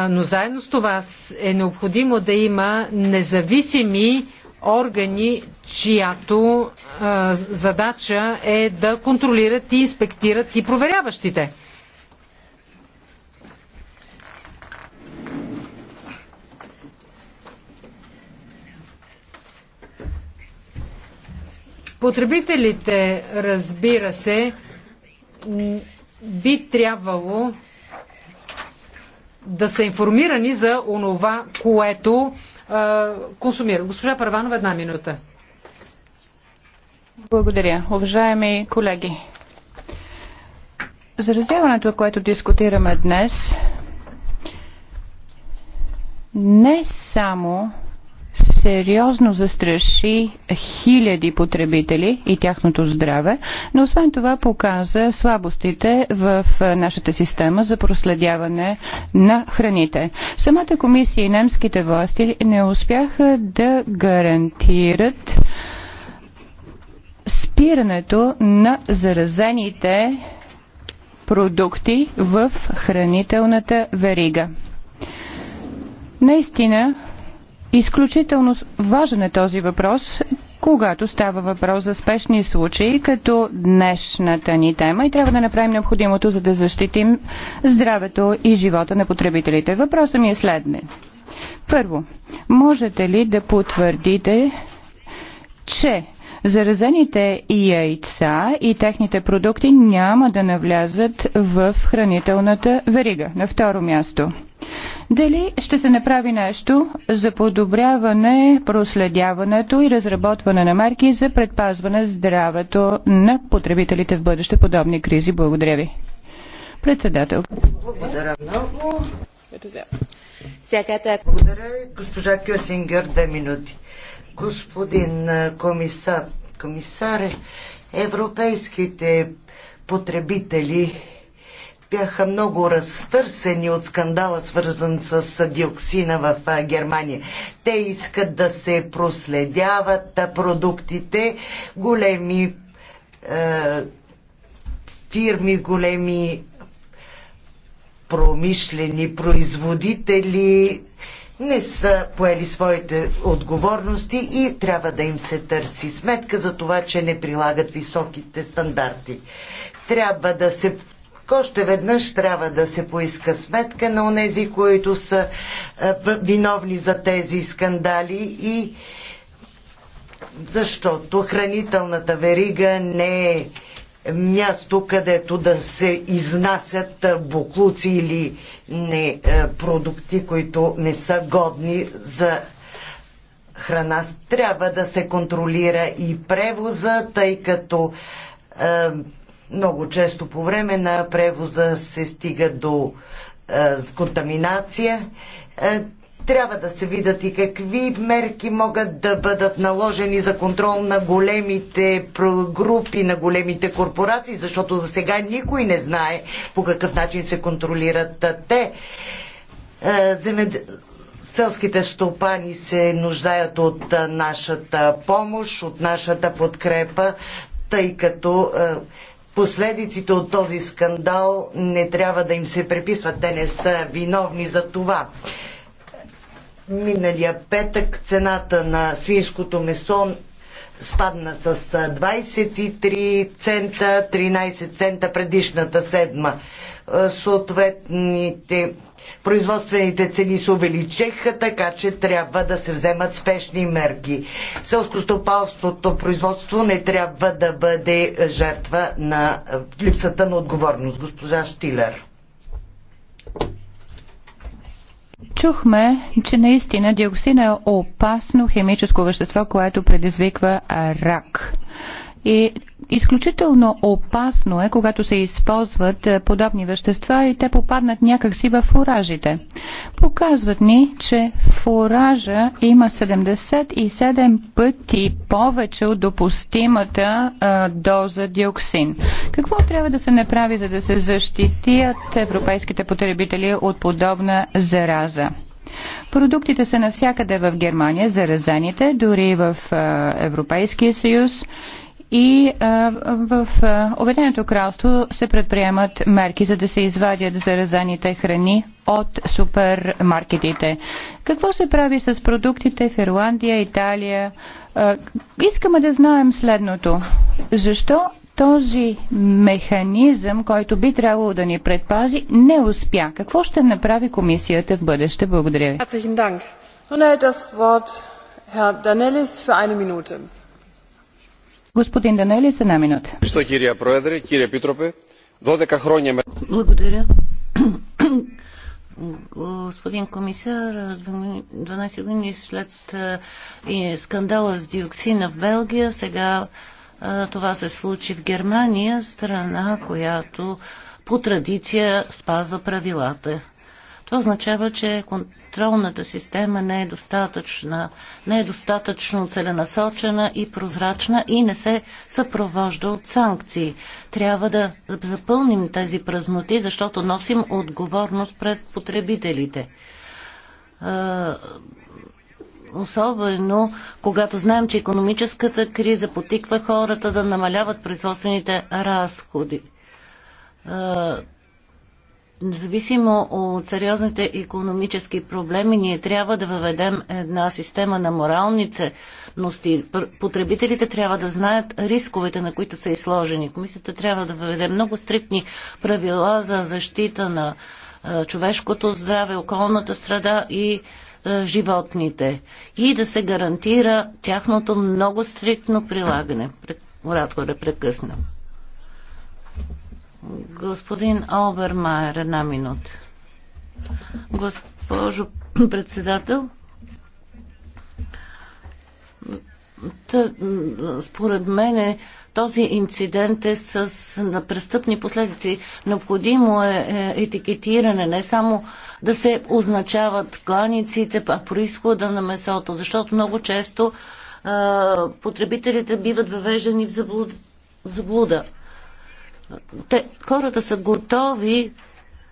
но заедно с това е необходимо да има независими органи, чиято задача е да контролират и инспектират и проверяващите. Потребителите, разбира се, би трябвало да са информирани за онова, което а, консумират. Госпожа Парванова, една минута. Благодаря. Уважаеми колеги, заразяването, което дискутираме днес, не само сериозно застраши хиляди потребители и тяхното здраве, но освен това показа слабостите в нашата система за проследяване на храните. Самата комисия и немските власти не успяха да гарантират спирането на заразените продукти в хранителната верига. Наистина, Изключително важен е този въпрос, когато става въпрос за спешни случаи, като днешната ни тема и трябва да направим необходимото, за да защитим здравето и живота на потребителите. Въпросът ми е следне. Първо, можете ли да потвърдите, че заразените яйца и техните продукти няма да навлязат в хранителната верига? На второ място. Дали ще се направи нещо за подобряване, проследяването и разработване на марки за предпазване здравето на потребителите в бъдеще подобни кризи? Благодаря ви. Председател. Благодаря много. Благодаря, госпожа Кюсингер, две минути. Господин комисар, комисаре, европейските потребители бяха много разтърсени от скандала, свързан с диоксина в Германия. Те искат да се проследяват продуктите, големи е, фирми, големи промишлени производители не са поели своите отговорности и трябва да им се търси сметка за това, че не прилагат високите стандарти. Трябва да се още веднъж трябва да се поиска сметка на онези, които са е, виновни за тези скандали и защото хранителната верига не е място, където да се изнасят е, буклуци или не, е, продукти, които не са годни за храна. Трябва да се контролира и превоза, тъй като много често по време на превоза се стига до е, контаминация. Е, трябва да се видят и какви мерки могат да бъдат наложени за контрол на големите групи, на големите корпорации, защото за сега никой не знае по какъв начин се контролират те. Е, селските стопани се нуждаят от нашата помощ, от нашата подкрепа, тъй като последиците от този скандал не трябва да им се преписват. Те не са виновни за това. Миналия петък цената на свинското месо спадна с 23 цента, 13 цента предишната седма. Съответните производствените цени се увеличиха, така че трябва да се вземат спешни мерки. Селскостопалството производство не трябва да бъде жертва на е, липсата на отговорност. Госпожа Штилер. Чухме, че наистина диоксина е опасно химическо вещество, което предизвиква рак. И изключително опасно е, когато се използват е, подобни вещества и те попаднат някакси в фуражите. Показват ни, че фуража има 77 пъти повече от допустимата а, е, доза диоксин. Какво трябва да се направи, за да се защитят европейските потребители от подобна зараза? Продуктите са навсякъде в Германия, заразените, дори в е, Европейския съюз и а, в Обединеното кралство се предприемат мерки, за да се извадят заразените храни от супермаркетите. Какво се прави с продуктите в Ирландия, Италия? А, искаме да знаем следното. Защо този механизъм, който би трябвало да ни предпази, не успя? Какво ще направи комисията в бъдеще? Благодаря ви. Herr Danelis für eine Minute. Господин Данелис, една минута. Благодаря. Господин комисар, 12 години след е, скандала с диоксина в Белгия, сега е, това се случи в Германия, страна, която по традиция спазва правилата. Това означава, че контролната система не е достатъчна, не е достатъчно целенасочена и прозрачна и не се съпровожда от санкции. Трябва да запълним тези празноти, защото носим отговорност пред потребителите особено когато знаем, че економическата криза потиква хората да намаляват производствените разходи. Независимо от сериозните економически проблеми, ние трябва да въведем една система на морални ценности. Потребителите трябва да знаят рисковете, на които са изложени. Комисията трябва да въведе много стриктни правила за защита на човешкото здраве, околната среда и животните и да се гарантира тяхното много стриктно прилагане. да е прекъсна. Господин Обермайер, една минута. Госпожо председател, според мен е, този инцидент е с престъпни последици. Необходимо е, е етикетиране, не само да се означават кланиците, а происхода на месото, защото много често потребителите биват въвеждани в заблуда те, хората са готови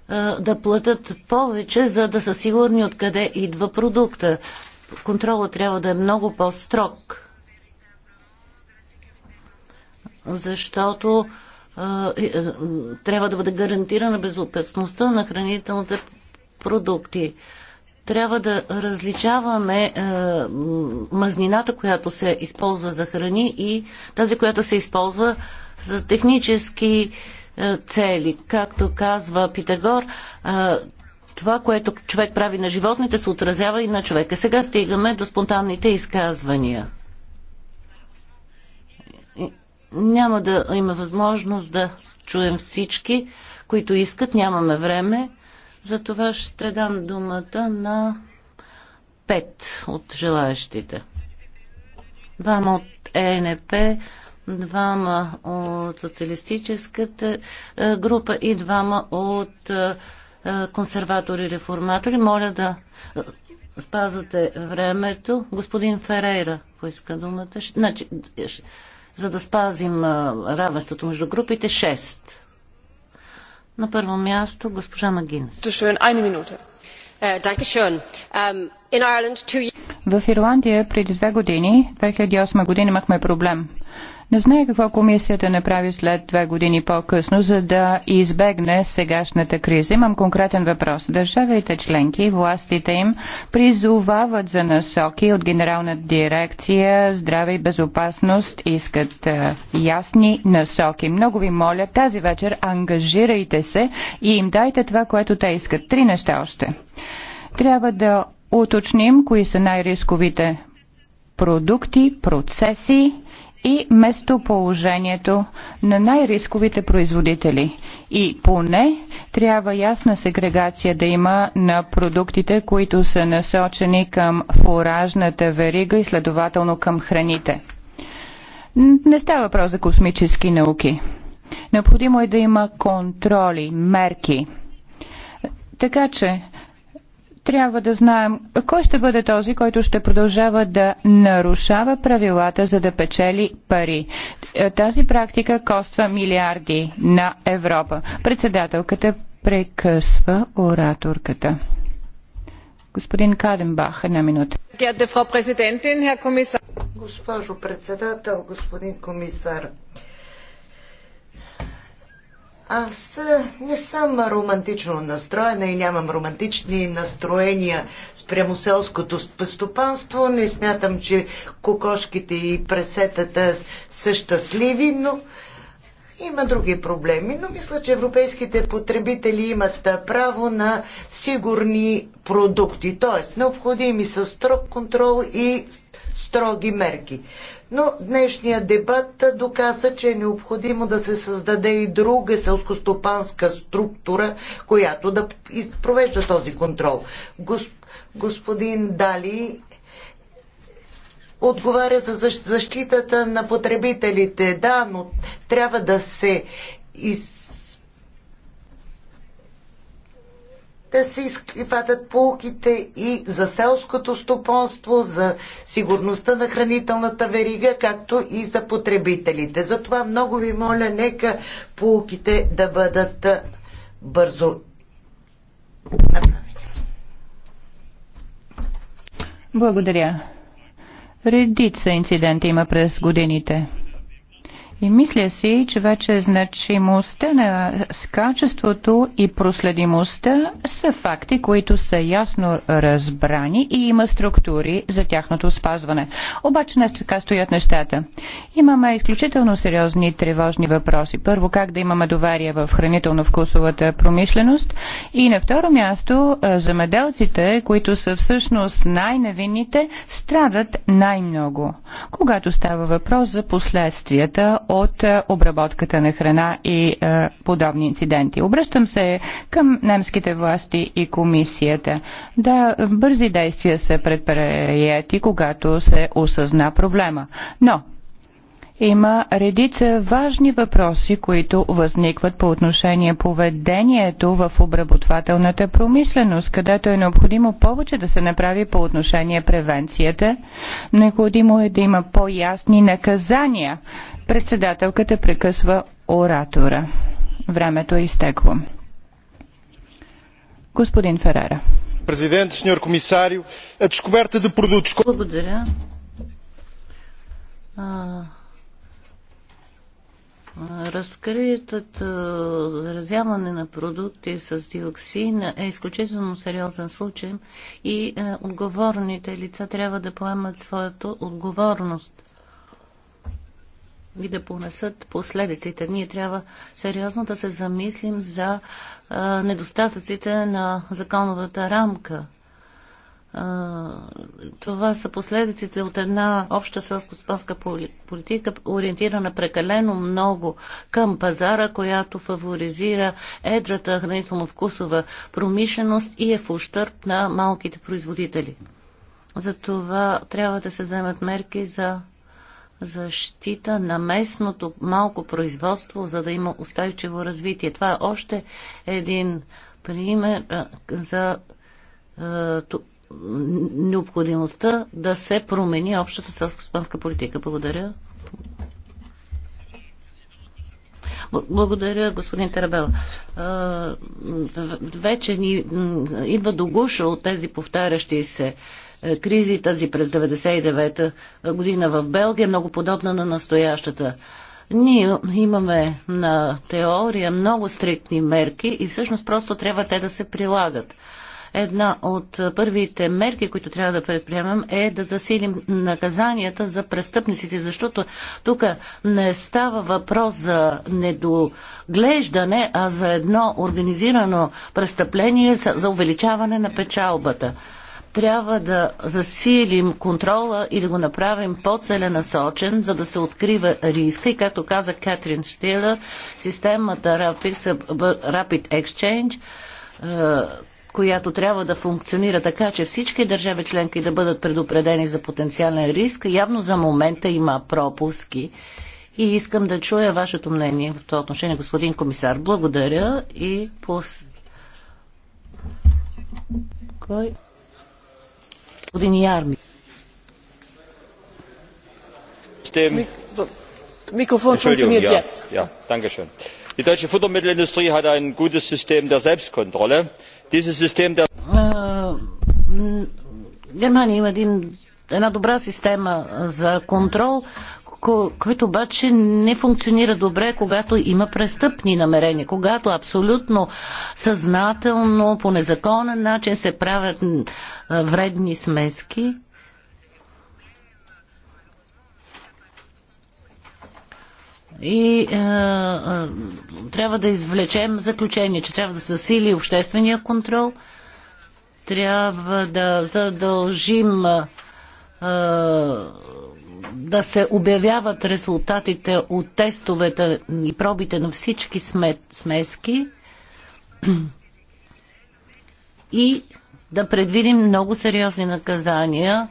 а, да платят повече, за да са сигурни откъде идва продукта. Контрола трябва да е много по-строг. Защото а, трябва да бъде гарантирана безопасността на хранителните продукти. Трябва да различаваме а, мазнината, която се използва за храни и тази, която се използва за технически е, цели. Както казва Питагор, е, това, което човек прави на животните, се отразява и на човека. Сега стигаме до спонтанните изказвания. Няма да има възможност да чуем всички, които искат. Нямаме време. Затова ще дам думата на пет от желаящите. Двама от ЕНП, двама от социалистическата е, група и двама от е, е, консерватори-реформатори. Моля да спазвате времето. Господин Ферейра поиска думата. Значи, за да спазим равенството между групите, 6. На първо място госпожа Магинс. В Ирландия преди две години, 2008 година, имахме проблем не знае какво комисията направи след две години по-късно, за да избегне сегашната криза. Имам конкретен въпрос. Държавите членки и властите им призовават за насоки от Генерална дирекция Здраве и безопасност, искат е, ясни насоки. Много ви моля, тази вечер ангажирайте се и им дайте това, което те искат. Три неща още. Трябва да уточним кои са най-рисковите продукти, процеси, и местоположението на най-рисковите производители. И поне трябва ясна сегрегация да има на продуктите, които са насочени към фуражната верига и следователно към храните. Не става въпрос за космически науки. Необходимо е да има контроли, мерки. Така че трябва да знаем кой ще бъде този, който ще продължава да нарушава правилата, за да печели пари. Е, тази практика коства милиарди на Европа. Председателката прекъсва ораторката. Господин Каденбах, една минута. Госпожо председател, господин комисар, аз е, не съм романтично настроена и нямам романтични настроения спрямо селското стопанство. Не смятам, че кокошките и пресетата са щастливи, но има други проблеми. Но мисля, че европейските потребители имат право на сигурни продукти. т.е. необходими са строг контрол и строги мерки. Но днешния дебат доказа, че е необходимо да се създаде и друга селскостопанска структура, която да провежда този контрол. господин Дали отговаря за защитата на потребителите. Да, но трябва да се из да се изхватат полуките и за селското стопонство, за сигурността на хранителната верига, както и за потребителите. Затова много ви моля, нека полуките да бъдат бързо направени. Благодаря. Редица инциденти има през годините. И мисля си, че вече значимостта на качеството и проследимостта са факти, които са ясно разбрани и има структури за тяхното спазване. Обаче не така стоят нещата. Имаме изключително сериозни и тревожни въпроси. Първо, как да имаме доверие в хранително-вкусовата промишленост и на второ място, замеделците, които са всъщност най-невинните, страдат най-много, когато става въпрос за последствията от е, обработката на храна и е, подобни инциденти. Обръщам се към немските власти и комисията. Да, бързи действия са предприяти, когато се осъзна проблема. Но има редица важни въпроси, които възникват по отношение поведението в обработвателната промишленост, където е необходимо повече да се направи по отношение превенцията. Необходимо е да има по-ясни наказания Председателката прекъсва оратора. Времето е изтекло. Господин Ферера. Президент, сеньор комисарио, е descoberta de produtos... Благодаря. А, заразяване на продукти с диоксин е изключително сериозен случай и а, е, отговорните лица трябва да поемат своята отговорност и да понесат последиците. Ние трябва сериозно да се замислим за а, недостатъците на законовата рамка. А, това са последиците от една обща селско спанска политика, ориентирана прекалено много към пазара, която фаворизира едрата хранително-вкусова промишленост и е в ущърп на малките производители. За това трябва да се вземат мерки за защита на местното малко производство, за да има устойчиво развитие. Това е още един пример за необходимостта да се промени общата селско-стопанска политика. Благодаря. Благодаря, господин Тарабел. Вече ни идва до гуша от тези повтарящи се кризи, тази през 99-та година в Белгия, много подобна на настоящата. Ние имаме на теория много стриктни мерки и всъщност просто трябва те да се прилагат. Една от първите мерки, които трябва да предприемем е да засилим наказанията за престъпниците, защото тук не става въпрос за недоглеждане, а за едно организирано престъпление за увеличаване на печалбата трябва да засилим контрола и да го направим по-целенасочен, за да се открива риска. И както каза Катрин Штилер, системата Rapid Exchange, е, която трябва да функционира така, че всички държави членки да бъдат предупредени за потенциален риск, явно за момента има пропуски. И искам да чуя вашето мнение в това отношение, господин комисар. Благодаря и по... Кой? господин Ярми. Mikrofon funktioniert jetzt. Ja, danke Die deutsche Futtermittelindustrie hat ein gutes System der Selbstkontrolle. Dieses System der... Германия има една добра система за контрол, който обаче не функционира добре, когато има престъпни намерения, когато абсолютно съзнателно, по незаконен начин се правят вредни смески. И е, е, трябва да извлечем заключение, че трябва да засили обществения контрол, трябва да задължим да се обявяват резултатите от тестовете и пробите на всички смески [CLEARS THROAT] и да предвидим много сериозни наказания,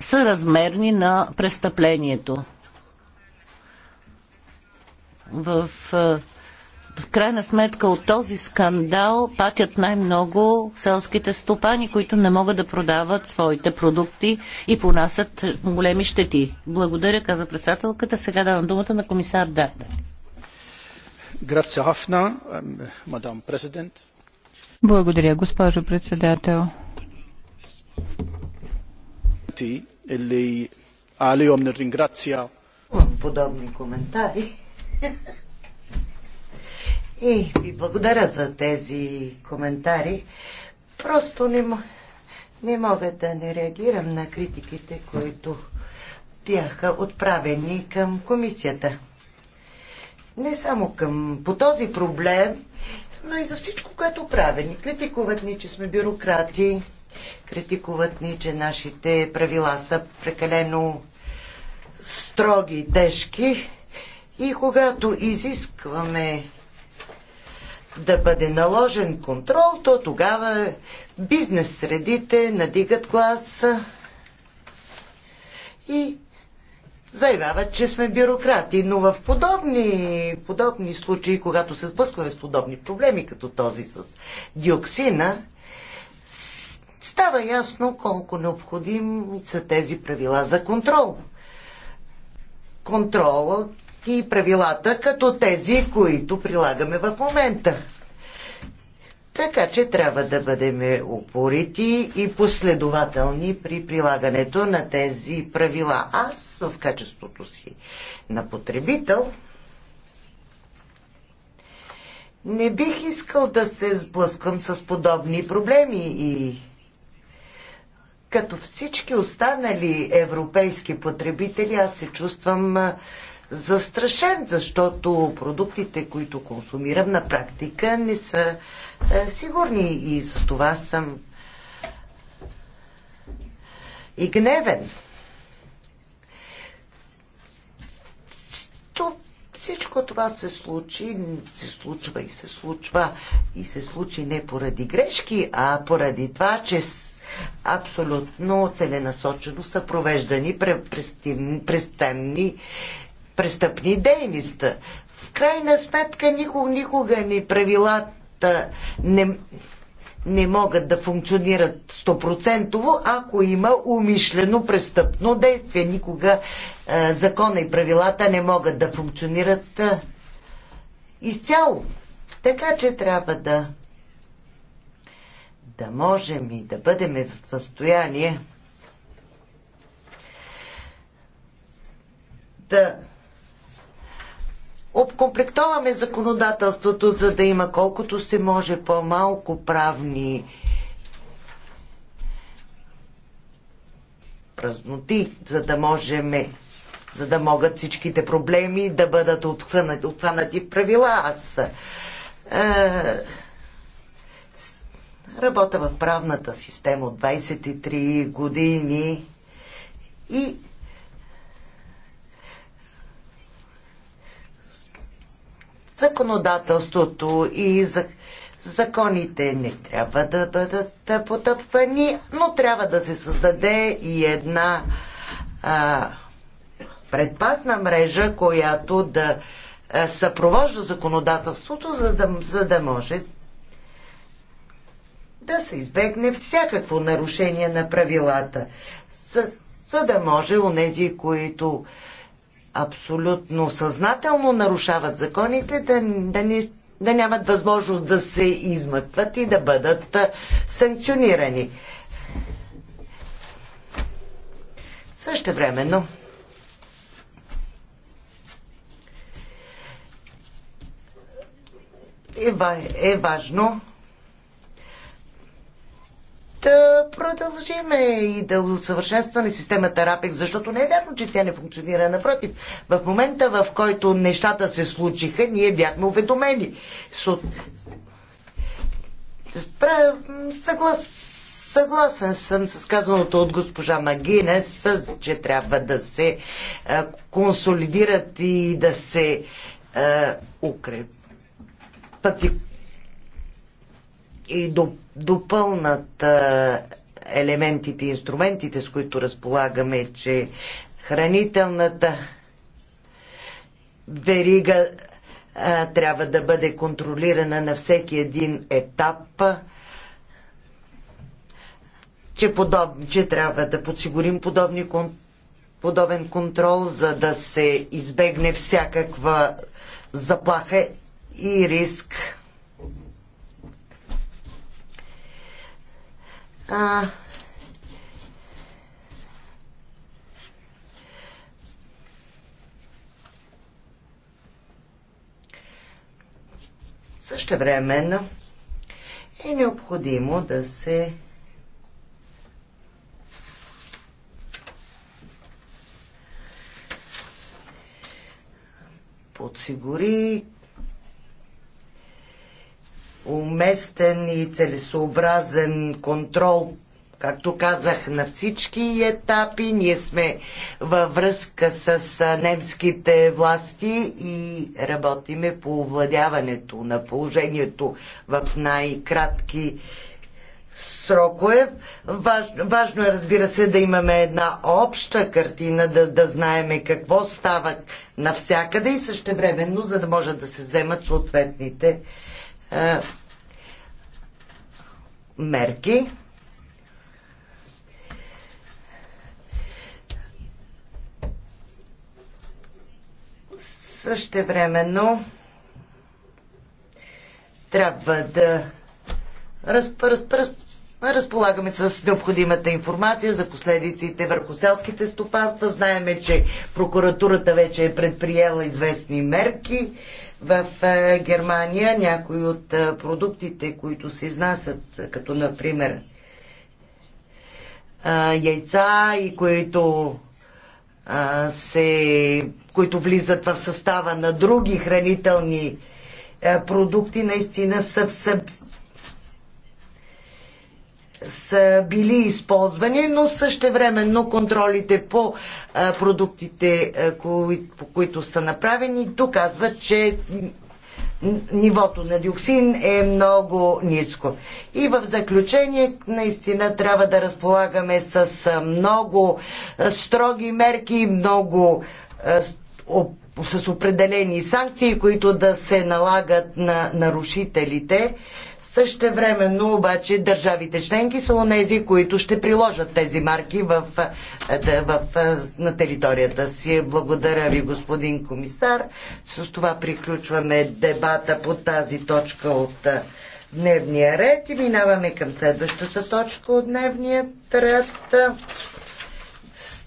съразмерни на престъплението. В в крайна сметка от този скандал патят най-много селските стопани, които не могат да продават своите продукти и понасят големи щети. Благодаря, каза председателката. Сега давам думата на комисар Дардер. Грация мадам президент. Благодаря, госпожо председател. Подобни коментари. И ви благодаря за тези коментари. Просто не, не мога да не реагирам на критиките, които бяха отправени към комисията. Не само към по този проблем, но и за всичко, което правени. Критикуват ни, че сме бюрократи, критикуват ни, че нашите правила са прекалено строги и тежки. И когато изискваме да бъде наложен контрол, то тогава бизнес средите надигат глас и заявяват, че сме бюрократи. Но в подобни, подобни случаи, когато се сблъскваме с подобни проблеми, като този с диоксина, става ясно колко необходими са тези правила за контрол. Контрол и правилата, като тези, които прилагаме в момента. Така че трябва да бъдем упорити и последователни при прилагането на тези правила. Аз в качеството си на потребител не бих искал да се сблъскам с подобни проблеми и като всички останали европейски потребители аз се чувствам застрашен, защото продуктите, които консумирам на практика, не са е, сигурни и за това съм и гневен. То, всичко това се случи, се случва и се случва и се случи не поради грешки, а поради това, че абсолютно целенасочено са провеждани престемни престъпни дейности. В крайна сметка никога, никога ни правилата не, не могат да функционират стопроцентово, ако има умишлено престъпно действие. Никога а, е, закона и правилата не могат да функционират а, е, изцяло. Така че трябва да да можем и да бъдем в състояние да обкомплектоваме законодателството, за да има колкото се може по-малко правни празноти, за да можем за да могат всичките проблеми да бъдат обхванати, правила. Аз е, работя в правната система от 23 години и законодателството и за Законите не трябва да бъдат потъпвани, но трябва да се създаде и една а, предпасна мрежа, която да а, съпровожда законодателството, за да, за да може да се избегне всякакво нарушение на правилата, за, за да може у нези, които абсолютно съзнателно нарушават законите, да, да, не, да нямат възможност да се измъкват и да бъдат санкционирани. Също времено, е, е важно да продължиме и да усъвършенстваме системата РАПЕК, защото не е вярно, че тя не функционира. Напротив, в момента, в който нещата се случиха, ние бяхме уведомени. Съглас... Съгласен съм с казаното от госпожа Магинес, че трябва да се консолидират и да се укрепят и, и до допълнат елементите и инструментите, с които разполагаме, че хранителната верига трябва да бъде контролирана на всеки един етап, че, подоб, че трябва да подсигурим подобни, подобен контрол, за да се избегне всякаква заплаха и риск А, Също времено е необходимо да се подсигури уместен и целесообразен контрол, както казах, на всички етапи. Ние сме във връзка с немските власти и работиме по овладяването на положението в най-кратки срокове. Важ, важно е, разбира се, да имаме една обща картина, да, да знаеме какво става навсякъде и същевременно, за да може да се вземат съответните а, е, мерки. Същевременно трябва да разпръс, разпръс, разполагаме с необходимата информация за последиците върху селските стопанства. Знаеме, че прокуратурата вече е предприела известни мерки в е, Германия. Някои от е, продуктите, които се изнасят, като например е, яйца и които се, които влизат в състава на други хранителни продукти, наистина са, в съб са били използвани, но същевременно контролите по продуктите, по които са направени, доказват, че нивото на диоксин е много ниско. И в заключение, наистина трябва да разполагаме с много строги мерки, много с определени санкции, които да се налагат на нарушителите, Същевременно обаче държавите членки са онези, които ще приложат тези марки в, в, на територията си. Благодаря ви, господин комисар. С това приключваме дебата по тази точка от дневния ред и минаваме към следващата точка от дневния ред.